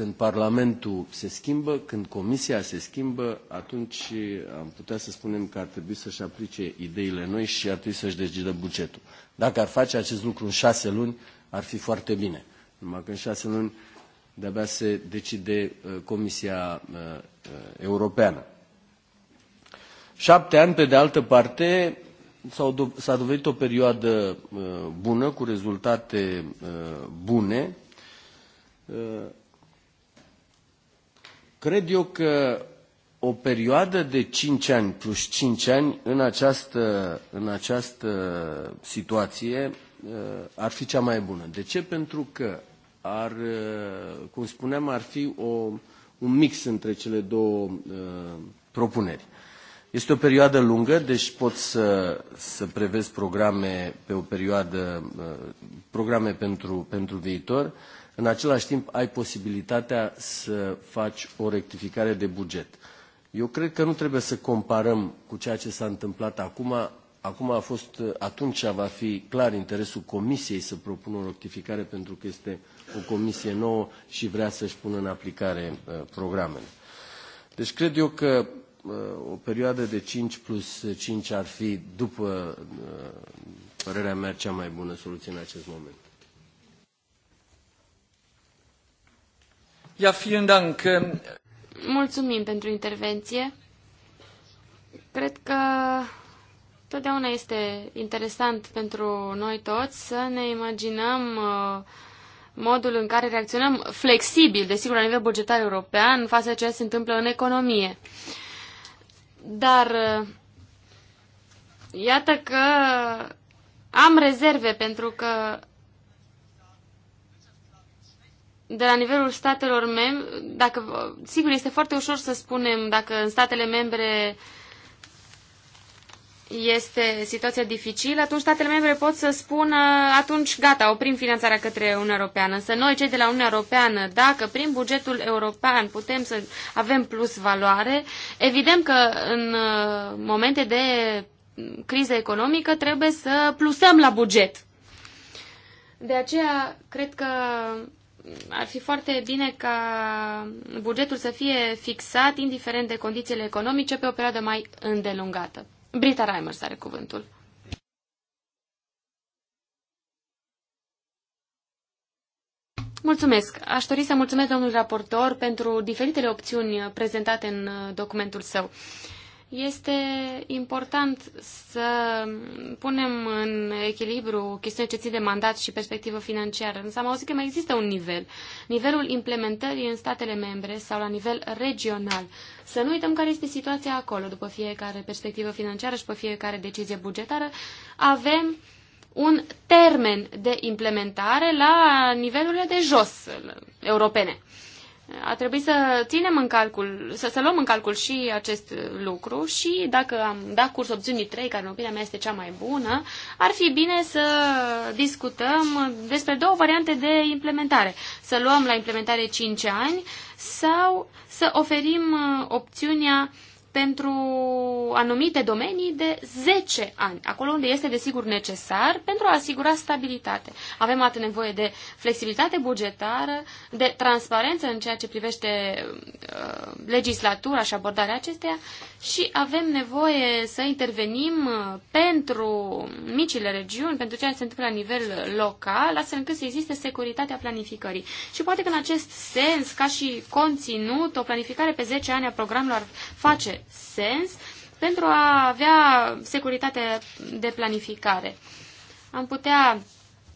când Parlamentul se schimbă, când Comisia se schimbă, atunci am putea să spunem că ar trebui să-și aplice ideile noi și ar trebui să-și decidă bugetul. Dacă ar face acest lucru în șase luni, ar fi foarte bine. Numai că în șase luni de-abia se decide uh, Comisia uh, uh, Europeană. Șapte ani, pe de altă parte, s-a dovedit o perioadă bună, cu rezultate bune, Cred eu că o perioadă de 5 ani plus 5 ani în această, în această situație uh, ar fi cea mai bună. De ce? Pentru că ar, uh, cum spuneam, ar fi o, un mix între cele două uh, propuneri. Este o perioadă lungă, deci poți să, să prevezi programe pe o perioadă, programe pentru, pentru viitor. În același timp, ai posibilitatea să faci o rectificare de buget. Eu cred că nu trebuie să comparăm cu ceea ce s-a întâmplat acum. Acum a fost, atunci va fi clar interesul Comisiei să propună o rectificare pentru că este o comisie nouă și vrea să-și pună în aplicare programele. Deci cred eu că Uh, o perioadă de 5 plus 5 ar fi, după uh, părerea mea, cea mai bună soluție în acest moment. Ja, vielen Dank. Ähm, Mulțumim pentru intervenție. Cred că totdeauna este interesant pentru noi toți să ne imaginăm uh, modul în care reacționăm flexibil, desigur, la nivel bugetar european, în față de ce se întâmplă în economie. Dar uh, iată că am rezerve pentru că de la nivelul statelor membre, dacă, sigur, este foarte ușor să spunem dacă în statele membre uh, este situația dificilă, atunci statele membre pot să spună, atunci gata, oprim finanțarea către Uniunea Europeană. Însă noi, cei de la Uniunea Europeană, dacă prin bugetul european putem să avem plus valoare, evident că în uh, momente de criză economică trebuie să plusăm la buget. De aceea, cred că ar fi foarte bine ca bugetul să fie fixat, indiferent de condițiile economice, pe o perioadă mai îndelungată. Brita Reimers are cuvântul. Mulțumesc. Aș dori să mulțumesc domnului raportor pentru diferitele opțiuni prezentate în uh, documentul său. Uh, este important să punem în echilibru chestiunea ce țin de mandat și perspectivă financiară. Însă am auzit că mai există un nivel, nivelul implementării în statele membre sau la nivel regional. Să nu uităm care este situația acolo. După fiecare perspectivă financiară și după fiecare decizie bugetară, avem un termen de implementare la nivelurile de jos europene a trebuit să ținem în calcul, să, să luăm în calcul și acest lucru și dacă am dat curs opțiunii 3, care în opinia mea este cea mai bună, ar fi bine să discutăm despre două variante de implementare. Să luăm la implementare 5 ani sau să oferim uh, opțiunea uh, pentru anumite domenii de 10 ani, acolo unde este desigur necesar pentru a asigura stabilitate. Avem atât nevoie de flexibilitate bugetară, de transparență în ceea ce privește uh, legislatura și abordarea acesteia și avem nevoie să intervenim uh, pentru micile regiuni, pentru ceea ce se întâmplă la nivel local, astfel încât să existe securitatea planificării. Și poate că în acest sens, ca și conținut, o planificare pe 10 ani a programelor ar face sens pentru a avea securitate de planificare. Am putea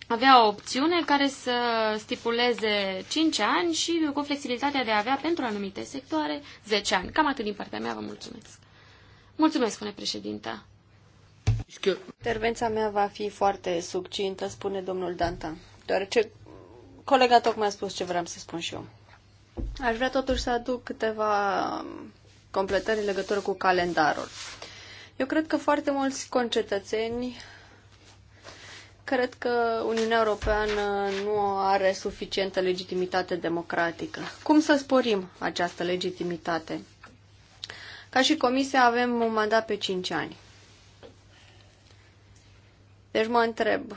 avea o opțiune care să stipuleze 5 ani și cu flexibilitatea de a avea pentru anumite sectoare 10 ani. Cam atât din partea mea, vă mulțumesc. Mulțumesc, spune președinta. Intervenția mea va fi foarte succintă, spune domnul Danta, deoarece colega tocmai a spus ce vreau să spun și eu. Aș vrea totuși să aduc câteva completări în legătură cu calendarul. Eu cred că foarte mulți concetățeni cred că Uniunea Europeană nu are suficientă legitimitate democratică. Cum să sporim această legitimitate? Ca și Comisia avem un mandat pe 5 ani. Deci mă întreb,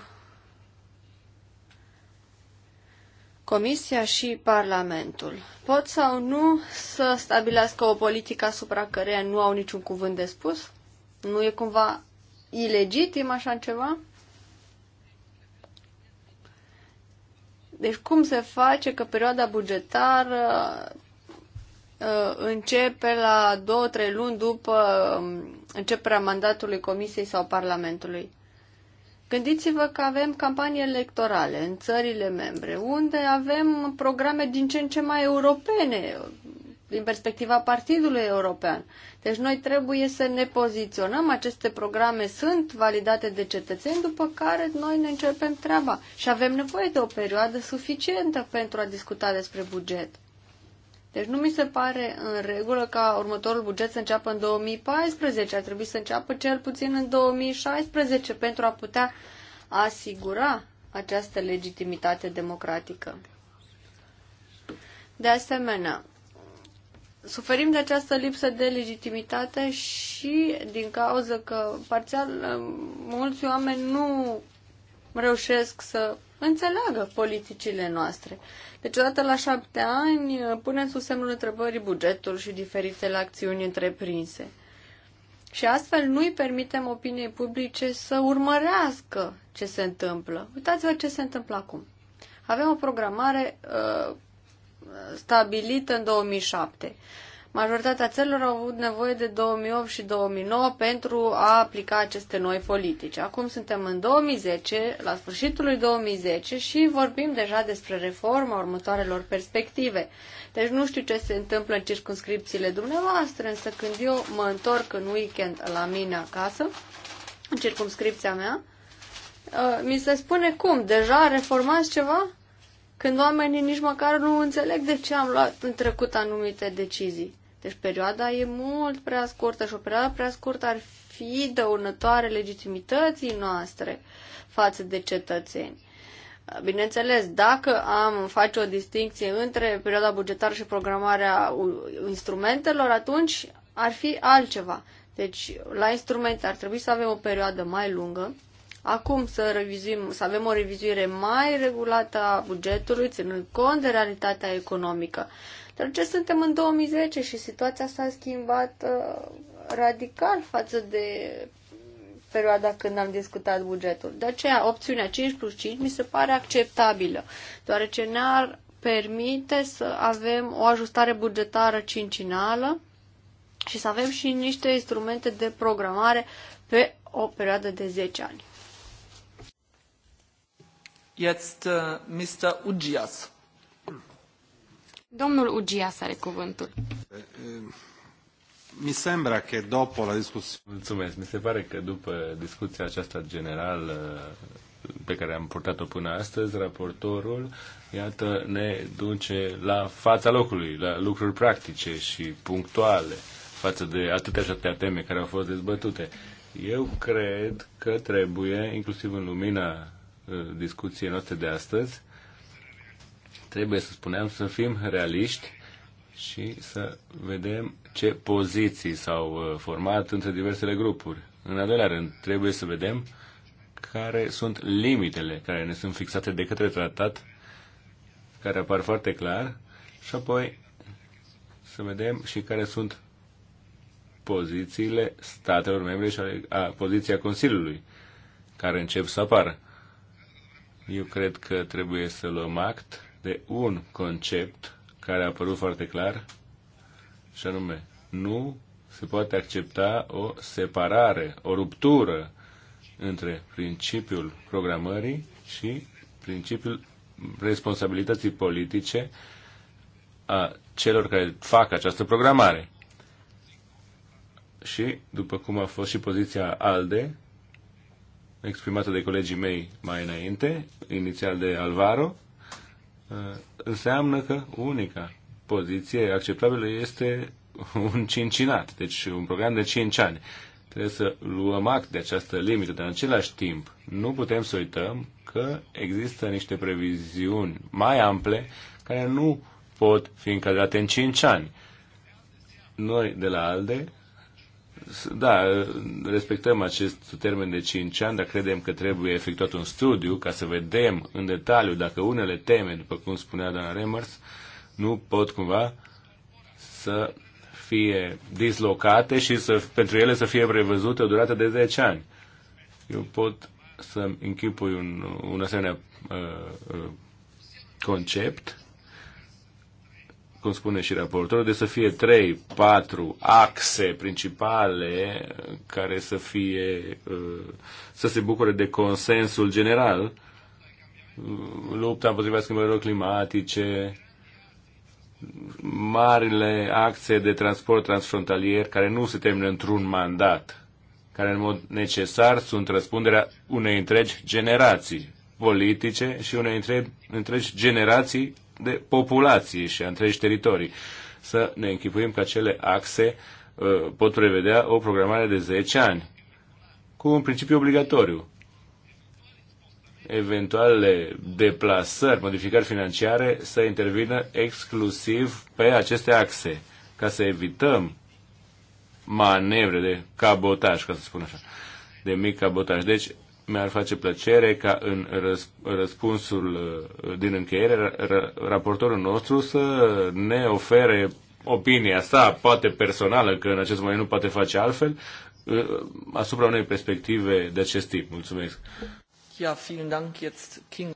Comisia și Parlamentul pot sau nu să stabilească o politică asupra căreia nu au niciun cuvânt de spus? Nu e cumva ilegitim așa ceva? Deci cum se face că perioada bugetară uh, începe la 2-3 luni după um, începerea mandatului Comisiei sau Parlamentului? Gândiți-vă că avem campanii electorale în țările membre, unde avem programe din ce în ce mai europene, din perspectiva Partidului European. Deci noi trebuie să ne poziționăm, aceste programe sunt validate de cetățeni, după care noi ne începem treaba. Și avem nevoie de o perioadă suficientă pentru a discuta despre buget. Deci nu mi se pare în regulă ca următorul buget să înceapă în 2014, ar trebui să înceapă cel puțin în 2016 pentru a putea asigura această legitimitate democratică. De asemenea, suferim de această lipsă de legitimitate și din cauza că parțial eh, mulți oameni nu reușesc să înțeleagă politicile noastre. Deci, odată la șapte ani, uh, punem sub semnul întrebării bugetul și diferitele acțiuni întreprinse. Și astfel nu îi permitem opiniei publice să urmărească ce se întâmplă. Uitați-vă ce se întâmplă acum. Avem o programare uh, stabilită în 2007. Majoritatea țărilor au avut nevoie de 2008 și 2009 pentru a aplica aceste noi politici. Acum suntem în 2010, la sfârșitul lui 2010 și vorbim deja despre reforma următoarelor perspective. Deci nu știu ce se întâmplă în circunscripțiile dumneavoastră, însă când eu mă întorc în weekend la mine acasă, în circumscripția mea, uh, mi se spune cum, deja reformați ceva? Când oamenii nici măcar nu înțeleg de ce am luat în trecut anumite decizii. Deci perioada e mult prea scurtă și o perioadă prea scurtă ar fi dăunătoare legitimității noastre față de cetățeni. Bineînțeles, dacă am face o distinție între perioada bugetară și programarea instrumentelor, atunci ar fi altceva. Deci, la instrumente ar trebui să avem o perioadă mai lungă, acum să, revizuim, să avem o revizuire mai regulată a bugetului, ținând cont de realitatea economică. Dar ce suntem în 2010 și situația s-a schimbat uh, radical față de perioada când am discutat bugetul. De aceea, opțiunea 5 plus 5 mi se pare acceptabilă, deoarece ne-ar permite să avem o ajustare bugetară cincinală și să avem și niște instrumente de programare pe o perioadă de 10 ani. Jetzt uh, Mr. Ugias. Domnul Ugia să are cuvântul. Mi sembra că după la discuție... Mulțumesc. Mi se pare că după discuția aceasta generală pe care am purtat-o până astăzi, raportorul, iată, ne duce la fața locului, la lucruri practice și punctuale față de atâtea și atâtea teme care au fost dezbătute. Eu cred că trebuie, inclusiv în lumina uh, discuției noastre de astăzi, trebuie să spuneam să fim realiști și să vedem ce poziții s-au uh, format între diversele grupuri. În al doilea rând, trebuie să vedem care sunt limitele care ne sunt fixate de către tratat, care apar foarte clar, și apoi să vedem și care sunt pozițiile statelor membre și a, poziția Consiliului, care încep să apară. Eu cred că trebuie să luăm act de un concept care a apărut foarte clar, și anume, nu se poate accepta o separare, o ruptură între principiul programării și principiul responsabilității politice a celor care fac această programare. Și, după cum a fost și poziția ALDE, exprimată de colegii mei mai înainte, inițial de Alvaro, Uh, înseamnă că unica poziție acceptabilă este un cincinat, deci un program de 5 ani. Trebuie să luăm act de această limită, dar în același timp nu putem să uităm că există niște previziuni mai ample care nu pot fi încadrate în 5 ani. Noi de la ALDE da, respectăm acest termen de 5 ani, dar credem că trebuie efectuat un studiu ca să vedem în detaliu dacă unele teme, după cum spunea doamna Remers, nu pot cumva să fie dislocate și să, pentru ele să fie prevăzute o durată de 10 ani. Eu pot să-mi închipui un, un asemenea uh, uh, concept cum spune și raportorul, de să fie trei, patru axe principale uh, care să fie, uh, să se bucure de consensul general. Uh, lupta împotriva schimbărilor climatice, marile axe de transport transfrontalier care nu se termină într-un mandat, care în mod necesar sunt răspunderea unei întregi generații politice și unei întregi generații de populații și a întregi teritorii. Să ne închipuim că acele axe uh, pot prevedea o programare de 10 ani, cu un principiu obligatoriu. Eventuale deplasări, modificări financiare să intervină exclusiv pe aceste axe, ca să evităm manevre de cabotaj, ca să spun așa, de mic cabotaj. Deci, mi-ar face plăcere ca în răspunsul uh, din încheiere raportorul nostru să ne ofere opinia sa, poate personală, că în acest moment nu poate face altfel, uh, asupra unei perspective de acest tip. Mulțumesc. Ja, vielen Dank jetzt King.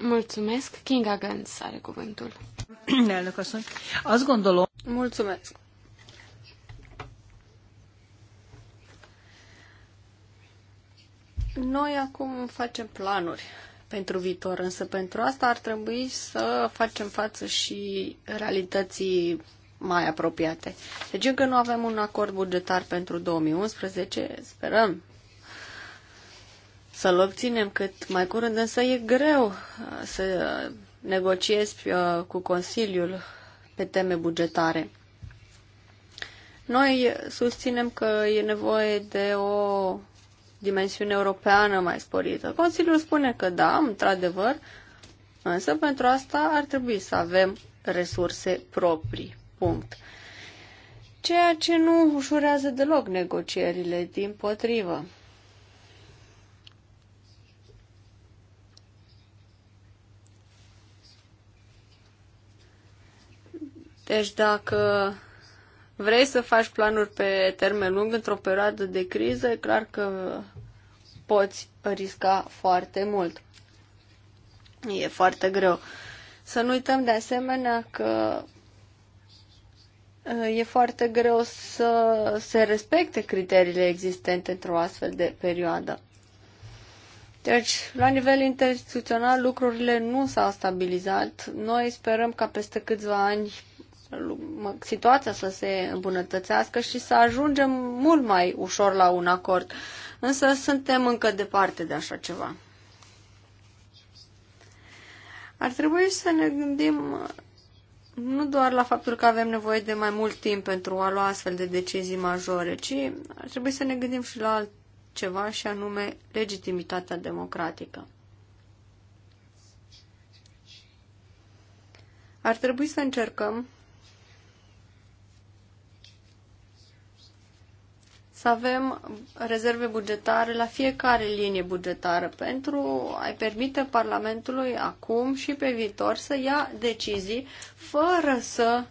Mulțumesc. Kinga Gans are cuvântul. [CLEARS THROAT] Mulțumesc. Noi acum facem planuri pentru viitor, însă pentru asta ar trebui să facem față și realității mai apropiate. Deci încă nu avem un acord bugetar pentru 2011, sperăm să-l obținem cât mai curând, însă e greu uh, să negociezi uh, cu Consiliul pe teme bugetare. Noi susținem că e nevoie de o dimensiune europeană mai sporită. Consiliul spune că da, într-adevăr, însă pentru asta ar trebui să avem resurse proprii. Punct. Ceea ce nu ușurează deloc negocierile, din potrivă. Deci dacă vrei să faci planuri pe termen lung într-o perioadă de criză, e clar că poți risca foarte mult. E foarte greu. Să nu uităm de asemenea că e foarte greu să se respecte criteriile existente într-o astfel de perioadă. Deci, la nivel instituțional, lucrurile nu s-au stabilizat. Noi sperăm ca peste câțiva ani situația să se îmbunătățească și să ajungem mult mai ușor la un acord însă suntem încă departe de așa ceva. Ar trebui să ne gândim uh, nu doar la faptul că avem nevoie de mai mult timp pentru a lua astfel de decizii majore, ci ar trebui să ne gândim și la altceva și anume legitimitatea democratică. Ar trebui să încercăm să avem rezerve bugetare la fiecare linie bugetară pentru a-i permite Parlamentului acum și pe viitor să ia decizii fără să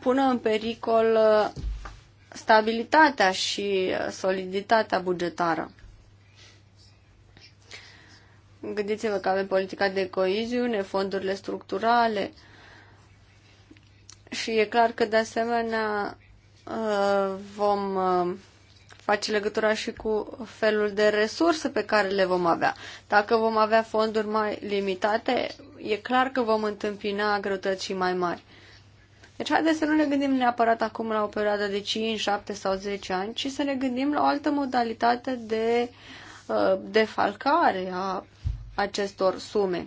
pună în pericol uh, stabilitatea și uh, soliditatea bugetară. Gândiți-vă că avem politica de coeziune, fondurile structurale și e clar că de asemenea Uh, vom uh, face legătura și cu felul de resurse pe care le vom avea. Dacă vom avea fonduri mai limitate, e clar că vom întâmpina greutăți mai mari. Deci haideți să nu ne gândim neapărat acum la o perioadă de 5, 7 sau 10 ani, ci să ne gândim la o altă modalitate de uh, defalcare a acestor sume.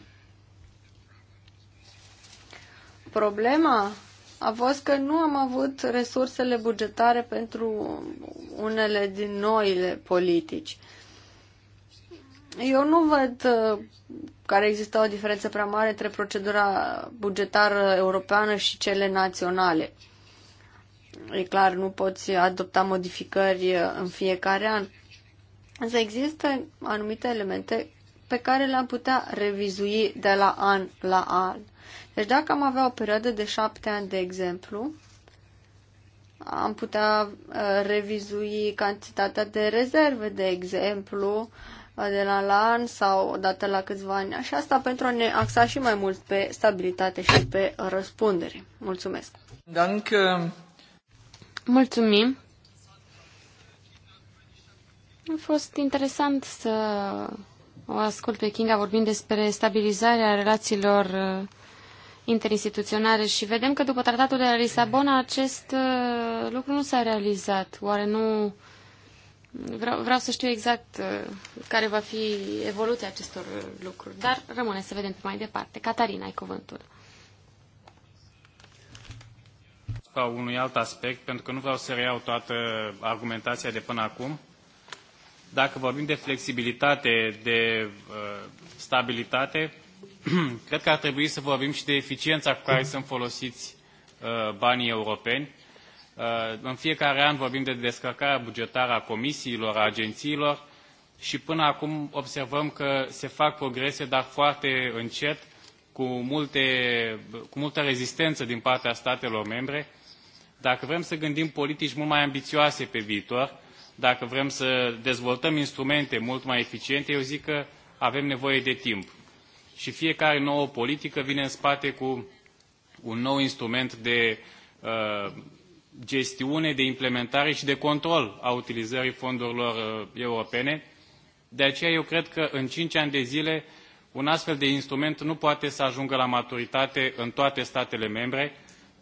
Problema a fost că nu am avut resursele bugetare pentru unele din noile politici. Eu nu văd uh, care există o diferență prea mare între procedura bugetară europeană și cele naționale. E clar, nu poți adopta modificări uh, în fiecare an. Însă există anumite elemente pe care le-am putea revizui de la an la an. Deci dacă am avea o perioadă de șapte ani, de exemplu, am putea uh, revizui cantitatea de rezerve, de exemplu, uh, de la la an sau odată la câțiva ani. Și asta pentru a ne axa și mai mult pe stabilitate și pe răspundere. Mulțumesc! Danke. Uh, Mulțumim! A fost interesant să o ascult pe Kinga vorbind despre stabilizarea relațiilor uh, interinstituționale și vedem că după tratatul de la Lisabona acest uh, lucru nu s-a realizat. Oare nu... Vreau, vreau să știu exact uh, care va fi evoluția acestor uh, lucruri, dar rămâne să vedem pe mai departe. Catarina, ai cuvântul. Sau unui alt aspect, pentru că nu vreau să reiau toată argumentația de până acum. Dacă vorbim de flexibilitate, de uh, stabilitate, [CLEARS THROAT] cred că ar trebui să vorbim și de eficiența cu care sunt folosiți uh, banii europeni. Uh, în fiecare an vorbim de descărcarea bugetară a comisiilor, a agențiilor și până acum observăm că se fac progrese, dar foarte încet, cu, multe, cu multă rezistență din partea statelor membre. Dacă vrem să gândim politici mult mai ambițioase pe viitor, dacă vrem să dezvoltăm instrumente mult mai eficiente, eu zic că avem nevoie de timp și fiecare nouă politică vine în spate cu un nou instrument de uh, gestiune, de implementare și de control a utilizării fondurilor uh, europene. De aceea eu cred că în 5 ani de zile un astfel de instrument nu poate să ajungă la maturitate în toate statele membre.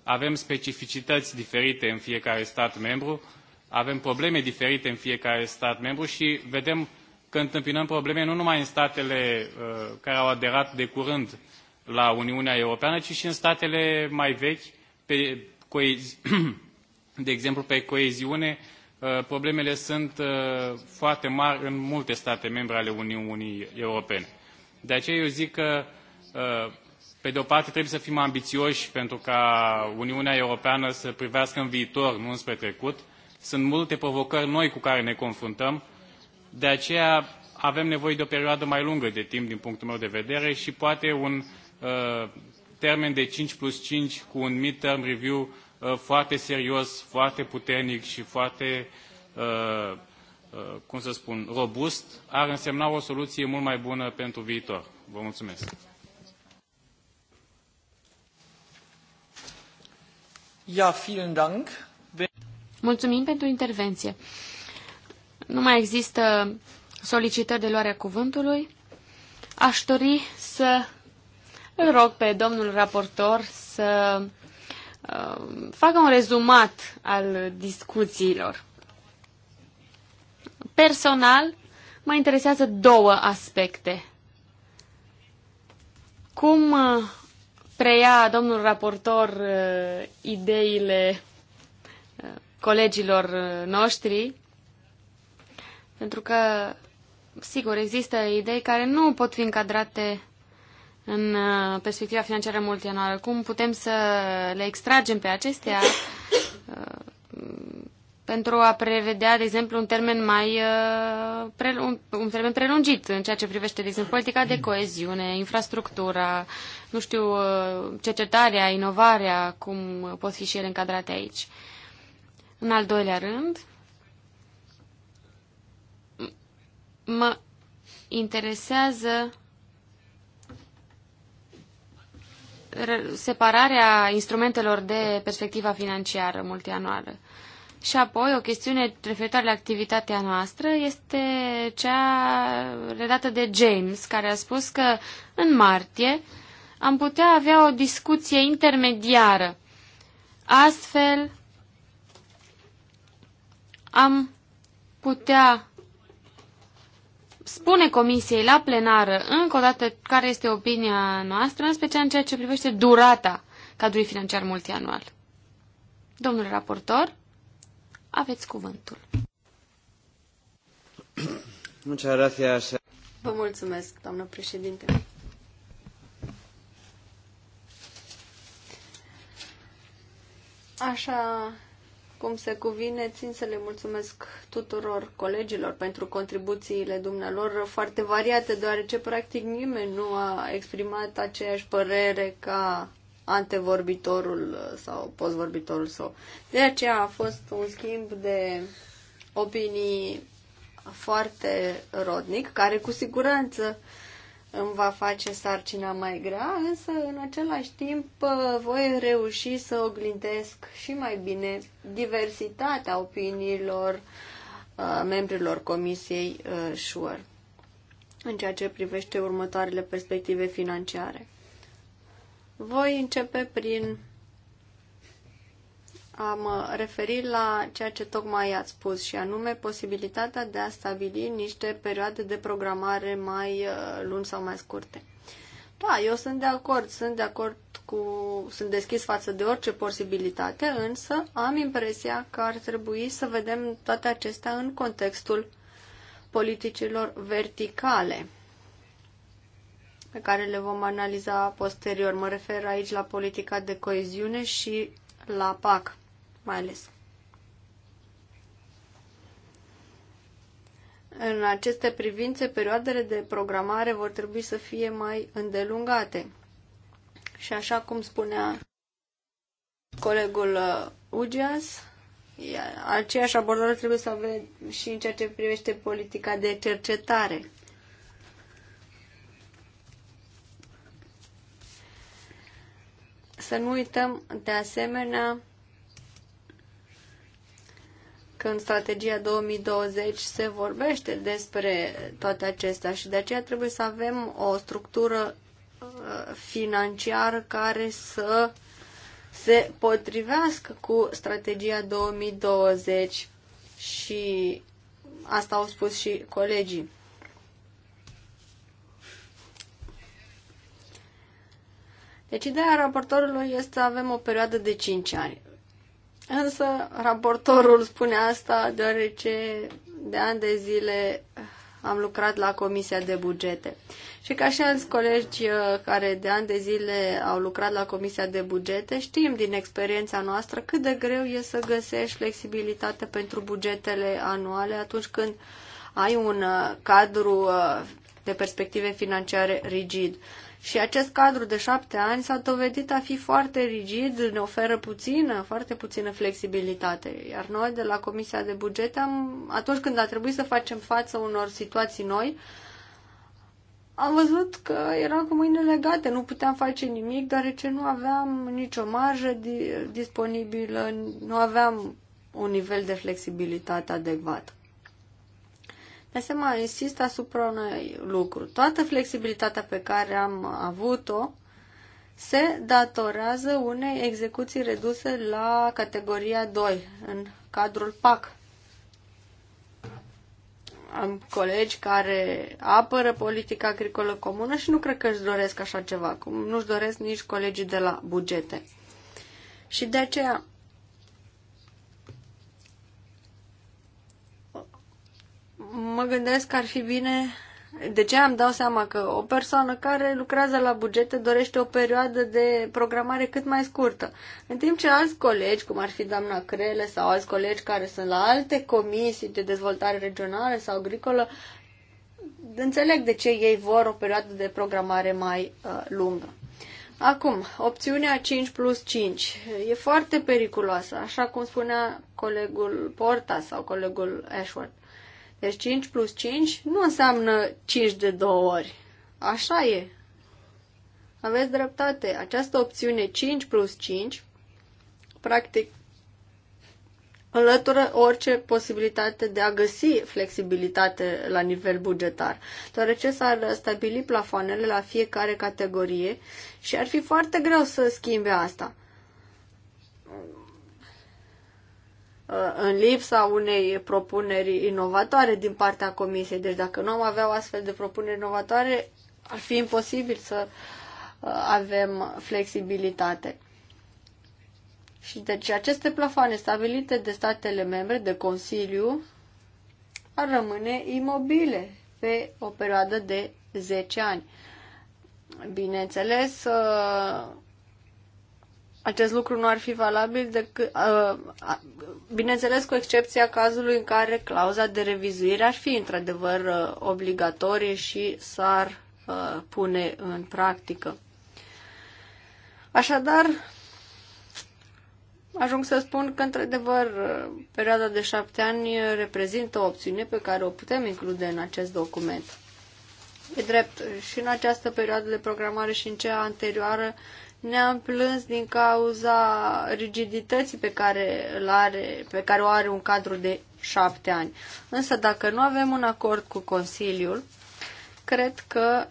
Avem specificități diferite în fiecare stat membru, avem probleme diferite în fiecare stat membru și vedem că întâmpinăm probleme nu numai în statele uh, care au aderat de curând la Uniunea Europeană, ci și în statele mai vechi, pe coezi... [CLEARS THROAT] de exemplu pe coeziune, uh, problemele sunt uh, foarte mari în multe state membre ale Uniunii Europene. De aceea eu zic că, pe de o parte, trebuie să fim ambițioși pentru ca Uniunea Europeană să privească în viitor, nu înspre trecut. Sunt multe provocări noi cu care ne confruntăm de aceea avem nevoie de o perioadă mai lungă de timp din punctul meu de vedere și poate un uh, termen de 5 plus 5 cu un mid-term review uh, foarte serios, foarte puternic și foarte, uh, uh, cum să spun, robust, ar însemna o soluție mult mai bună pentru viitor. Vă mulțumesc! Ja, vielen Dank. Mulțumim pentru intervenție nu mai există solicitări de luarea cuvântului, aș dori să îl rog pe domnul raportor să uh, facă un rezumat al discuțiilor. Personal, mă interesează două aspecte. Cum uh, preia domnul raportor uh, ideile uh, colegilor noștri pentru că, sigur, există idei care nu pot fi încadrate în uh, perspectiva financiară multianuală. Cum putem să le extragem pe acestea uh, pentru a prevedea, de exemplu, un termen mai uh, un termen prelungit în ceea ce privește, de exemplu, politica de coeziune, infrastructura, nu știu, cercetarea, inovarea, cum pot fi și ele încadrate aici. În al doilea rând, mă interesează separarea instrumentelor de perspectiva financiară multianuală. Și apoi, o chestiune referitoare la activitatea noastră este cea redată de James, care a spus că în martie am putea avea o discuție intermediară. Astfel, am putea spune Comisiei la plenară încă o dată care este opinia noastră, în special în ceea ce privește durata cadrului financiar multianual. Domnule raportor, aveți cuvântul. Vă mulțumesc, doamnă președinte. Așa cum se cuvine, țin să le mulțumesc tuturor colegilor pentru contribuțiile dumnealor foarte variate, deoarece practic nimeni nu a exprimat aceeași părere ca antevorbitorul sau postvorbitorul său. De aceea a fost un schimb de opinii foarte rodnic, care cu siguranță uh, îmi va face sarcina mai grea, însă în același timp uh, voi reuși să oglindesc și mai bine diversitatea opiniilor uh, membrilor Comisiei uh, SURE în ceea ce privește următoarele perspective financiare. Voi începe prin a mă uh, referi la ceea ce tocmai ați spus și anume posibilitatea de a stabili niște perioade de programare mai uh, lungi sau mai scurte. Da, eu sunt de acord, sunt de acord cu, sunt deschis față de orice posibilitate, însă am impresia că ar trebui să vedem toate acestea în contextul politicilor verticale pe care le vom analiza posterior. Mă refer aici la politica de coeziune și la PAC mai ales. În aceste privințe, perioadele de programare vor trebui să fie mai îndelungate. Și așa cum spunea colegul uh, Ugeas, aceeași abordare trebuie să avem și în ceea ce privește politica de cercetare. Să nu uităm de asemenea când strategia 2020 se vorbește despre toate acestea și de aceea trebuie să avem o structură uh, financiară care să se potrivească cu strategia 2020 și asta au spus și colegii. Deci ideea raportorului este să avem o perioadă de 5 ani. Însă, raportorul spune asta deoarece de ani de zile am lucrat la Comisia de Bugete. Și ca și alți colegi uh, care de ani de zile au lucrat la Comisia de Bugete, știm din experiența noastră cât de greu e să găsești flexibilitate pentru bugetele anuale atunci când ai un uh, cadru uh, de perspective financiare rigid. Și acest cadru de șapte ani s-a dovedit a fi foarte rigid, ne oferă puțină, foarte puțină flexibilitate. Iar noi de la Comisia de Buget, am, atunci când a trebuit să facem față unor situații noi, am văzut că eram cu mâinile legate, nu puteam face nimic, deoarece nu aveam nicio marjă di- disponibilă, nu aveam un nivel de flexibilitate adecvat. De asemenea, insist asupra unui lucru. Toată flexibilitatea pe care am avut-o se datorează unei execuții reduse la categoria 2 în cadrul PAC. Am colegi care apără politica agricolă comună și nu cred că își doresc așa ceva, cum nu-și doresc nici colegii de la bugete. Și de aceea mă gândesc că ar fi bine de ce am dau seama că o persoană care lucrează la bugete dorește o perioadă de programare cât mai scurtă, în timp ce alți colegi, cum ar fi doamna Crele sau alți colegi care sunt la alte comisii de dezvoltare regională sau agricolă, înțeleg de ce ei vor o perioadă de programare mai uh, lungă. Acum, opțiunea 5 plus 5 e foarte periculoasă, așa cum spunea colegul Porta sau colegul Ashworth. Deci 5 plus 5 nu înseamnă 5 de două ori. Așa e. Aveți dreptate. Această opțiune 5 plus 5 practic înlătură orice posibilitate de a găsi flexibilitate la nivel bugetar, deoarece s-ar stabili plafoanele la fiecare categorie și ar fi foarte greu să schimbe asta. Uh, în lipsa unei propuneri inovatoare din partea Comisiei. Deci dacă nu am avea o astfel de propuneri inovatoare, ar fi imposibil să uh, avem flexibilitate. Și deci aceste plafoane stabilite de statele membre, de Consiliu, ar rămâne imobile pe o perioadă de 10 ani. Bineînțeles, uh, acest lucru nu ar fi valabil decât, uh, bineînțeles cu excepția cazului în care clauza de revizuire ar fi într-adevăr uh, obligatorie și s-ar uh, pune în practică. Așadar, ajung să spun că, într-adevăr, perioada de șapte ani reprezintă o opțiune pe care o putem include în acest document. E drept, și în această perioadă de programare și în cea anterioară ne-am plâns din cauza rigidității pe care, are, pe care o are un cadru de șapte ani. Însă dacă nu avem un acord cu Consiliul, cred că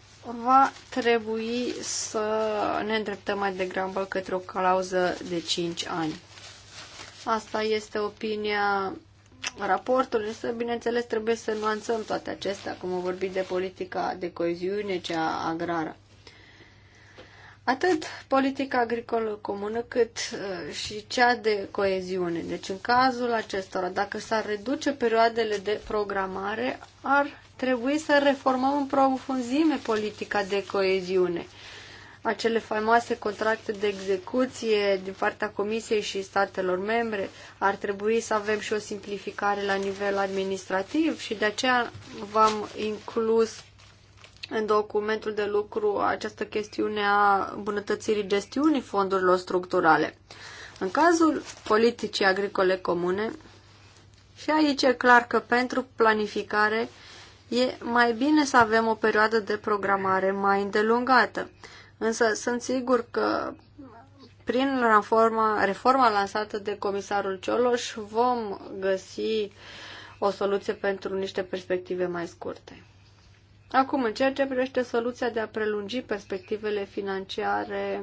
va trebui să ne îndreptăm mai degrabă către o clauză de 5 ani. Asta este opinia raportului, însă, bineînțeles, trebuie să nuanțăm toate acestea, cum am vorbit de politica de coeziune, cea agrară atât politica agricolă comună cât uh, și cea de coeziune. Deci în cazul acestora, dacă s-ar reduce perioadele de programare, ar trebui să reformăm în profunzime politica de coeziune. Acele faimoase contracte de execuție din partea Comisiei și statelor membre ar trebui să avem și o simplificare la nivel administrativ și de aceea v-am inclus în documentul de lucru această chestiune a îmbunătățirii gestiunii fondurilor structurale. În cazul politicii agricole comune, și aici e clar că pentru planificare e mai bine să avem o perioadă de programare mai îndelungată. Însă sunt sigur că prin reforma, reforma lansată de comisarul Cioloș vom găsi o soluție pentru niște perspective mai scurte. Acum, în ceea ce privește soluția de a prelungi perspectivele financiare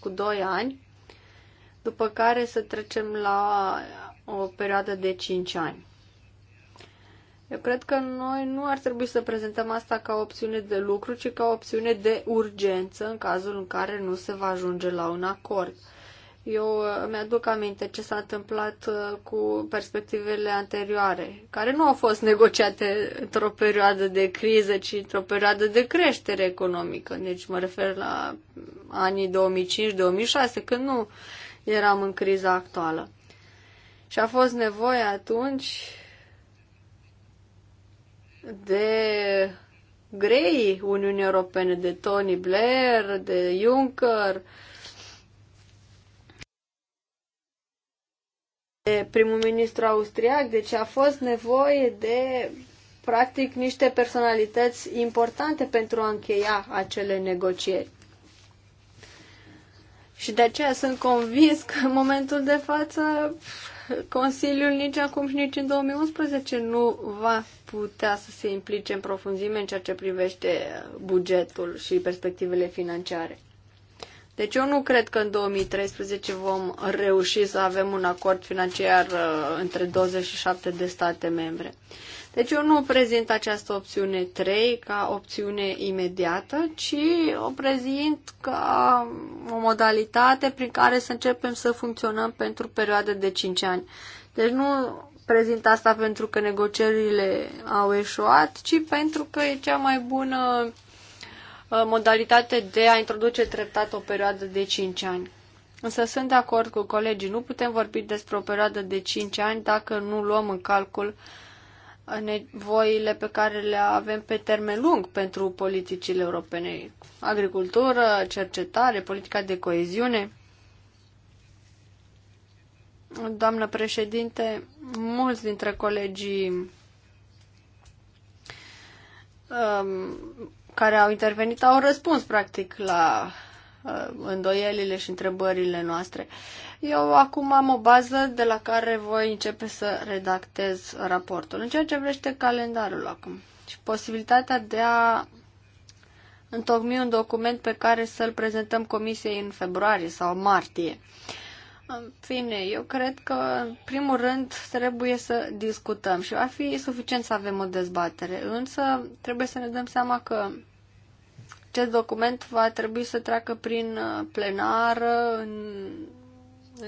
cu 2 ani, după care să trecem la o perioadă de 5 ani. Eu cred că noi nu ar trebui să prezentăm asta ca o opțiune de lucru, ci ca o opțiune de urgență în cazul în care nu se va ajunge la un acord. Eu uh, mi-aduc aminte ce s-a întâmplat uh, cu perspectivele anterioare, care nu au fost negociate într-o perioadă de criză, ci într-o perioadă de creștere economică. Deci mă refer la anii 2005-2006, când nu eram în criza actuală. Și a fost nevoie atunci de grei Uniunii Europene, de Tony Blair, de Juncker, uh, primul ministru austriac, deci a fost nevoie de practic niște personalități importante pentru a încheia acele negocieri. Și de aceea sunt convins că în momentul de față Consiliul nici acum și nici în 2011 nu va putea să se implice în profunzime în ceea ce privește bugetul și perspectivele financiare. Deci eu nu cred că în 2013 vom reuși să avem un acord financiar uh, între 27 de state membre. Deci eu nu prezint această opțiune 3 ca opțiune imediată, ci o prezint ca o modalitate prin care să începem să funcționăm pentru perioadă de 5 ani. Deci nu prezint asta pentru că negocierile au eșuat, ci pentru că e cea mai bună Uh, modalitate de a introduce treptat o perioadă de 5 ani. Însă sunt de acord cu colegii, nu putem vorbi despre o perioadă de 5 ani dacă nu luăm în calcul uh, nevoile pe care le avem pe termen lung pentru politicile europene. Agricultură, cercetare, politica de coeziune. Doamnă președinte, mulți dintre colegii um, care au intervenit au răspuns practic la uh, îndoielile și întrebările noastre. Eu acum am o bază de la care voi începe să redactez raportul. În ceea ce vrește calendarul acum și posibilitatea de a întocmi un document pe care să-l prezentăm comisiei în februarie sau martie. Uh, în fine, eu cred că, în primul rând, trebuie să discutăm și va fi suficient să avem o dezbatere, însă trebuie să ne dăm seama că acest document va trebui să treacă prin uh, plenară în,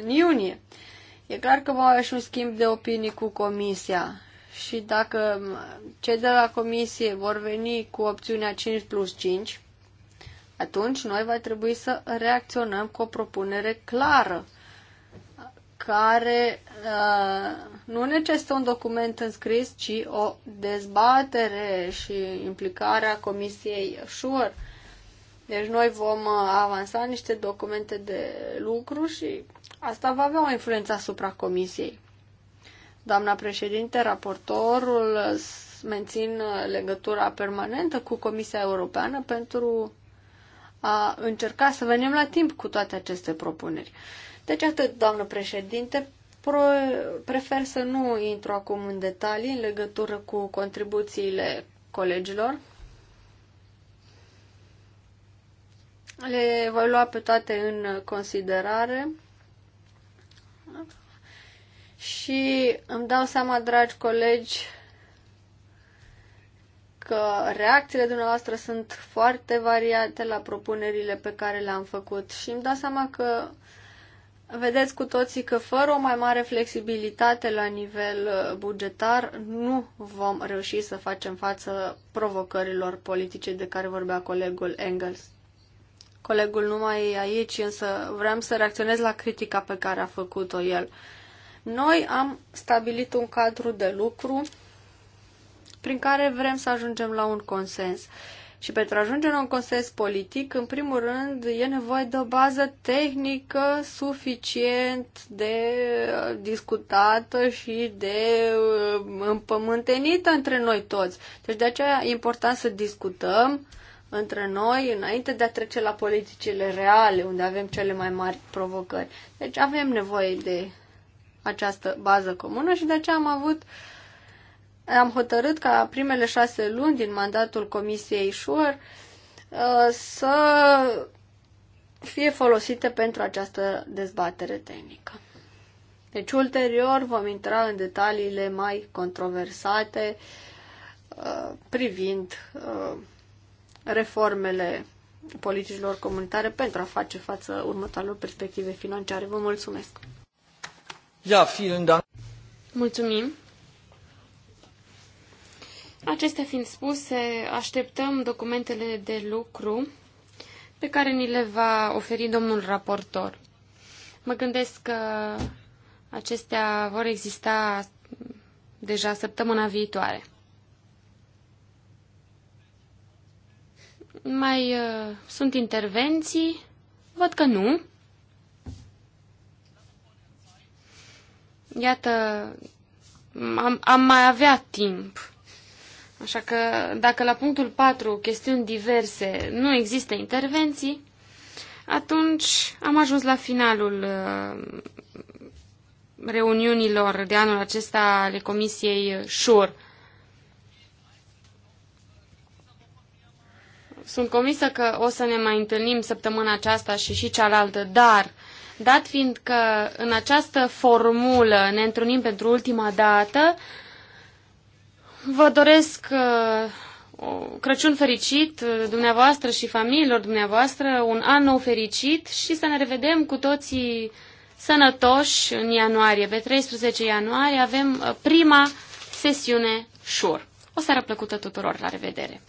în iunie. E clar că va avea și un schimb de opinii cu Comisia și dacă uh, cei de la Comisie vor veni cu opțiunea 5 plus 5, atunci noi va trebui să reacționăm cu o propunere clară care uh, nu necesită un document înscris, ci o dezbatere și implicarea Comisiei șur. Deci noi vom uh, avansa niște documente de lucru și asta va avea o influență asupra Comisiei. Doamna președinte, raportorul uh, mențin uh, legătura permanentă cu Comisia Europeană pentru a încerca să venim la timp cu toate aceste propuneri. Deci atât, doamnă președinte. Pro, prefer să nu intru acum în detalii în legătură cu contribuțiile colegilor. Le voi lua pe toate în considerare. Și îmi dau seama, dragi colegi, că reacțiile dumneavoastră sunt foarte variate la propunerile pe care le-am făcut și îmi dau seama că Vedeți cu toții că fără o mai mare flexibilitate la nivel uh, bugetar nu vom reuși să facem față provocărilor politice de care vorbea colegul Engels. Colegul nu mai e aici, însă vreau să reacționez la critica pe care a făcut-o el. Noi am stabilit un cadru de lucru prin care vrem să ajungem la un consens. Uh, și pentru a ajunge la un consens politic, în primul rând, e nevoie de o bază tehnică suficient de uh, discutată și de uh, împământenită între noi toți. Deci de aceea e important să discutăm între noi înainte de a trece la politicile reale, unde avem cele mai mari provocări. Deci avem nevoie de această bază comună și de aceea am avut uh, am hotărât ca primele șase luni din mandatul Comisiei Sure uh, să fie folosite pentru această dezbatere tehnică. Deci ulterior vom intra în detaliile mai controversate uh, privind uh, reformele politicilor comunitare pentru a face față următoarelor perspective financiare. Vă mulțumesc! Ja, vielen Dank! Mulțumim! Acestea fiind spuse, așteptăm documentele de lucru pe care ni le va oferi domnul raportor. Mă gândesc că acestea vor exista deja săptămâna viitoare. Mai uh, sunt intervenții? Văd că nu. Iată, am, am mai avea timp. Așa că dacă la punctul 4, chestiuni diverse, nu există intervenții, atunci am ajuns la finalul uh, reuniunilor de anul acesta ale Comisiei SURE. Sunt convinsă că o să ne mai întâlnim săptămâna aceasta și și cealaltă, dar dat fiind că în această formulă ne întâlnim pentru ultima dată, Vă doresc uh, Crăciun fericit uh, dumneavoastră și familiilor dumneavoastră, un an nou fericit și să ne revedem cu toții sănătoși în ianuarie. Pe 13 ianuarie avem uh, prima sesiune șur. O seară plăcută tuturor, la revedere!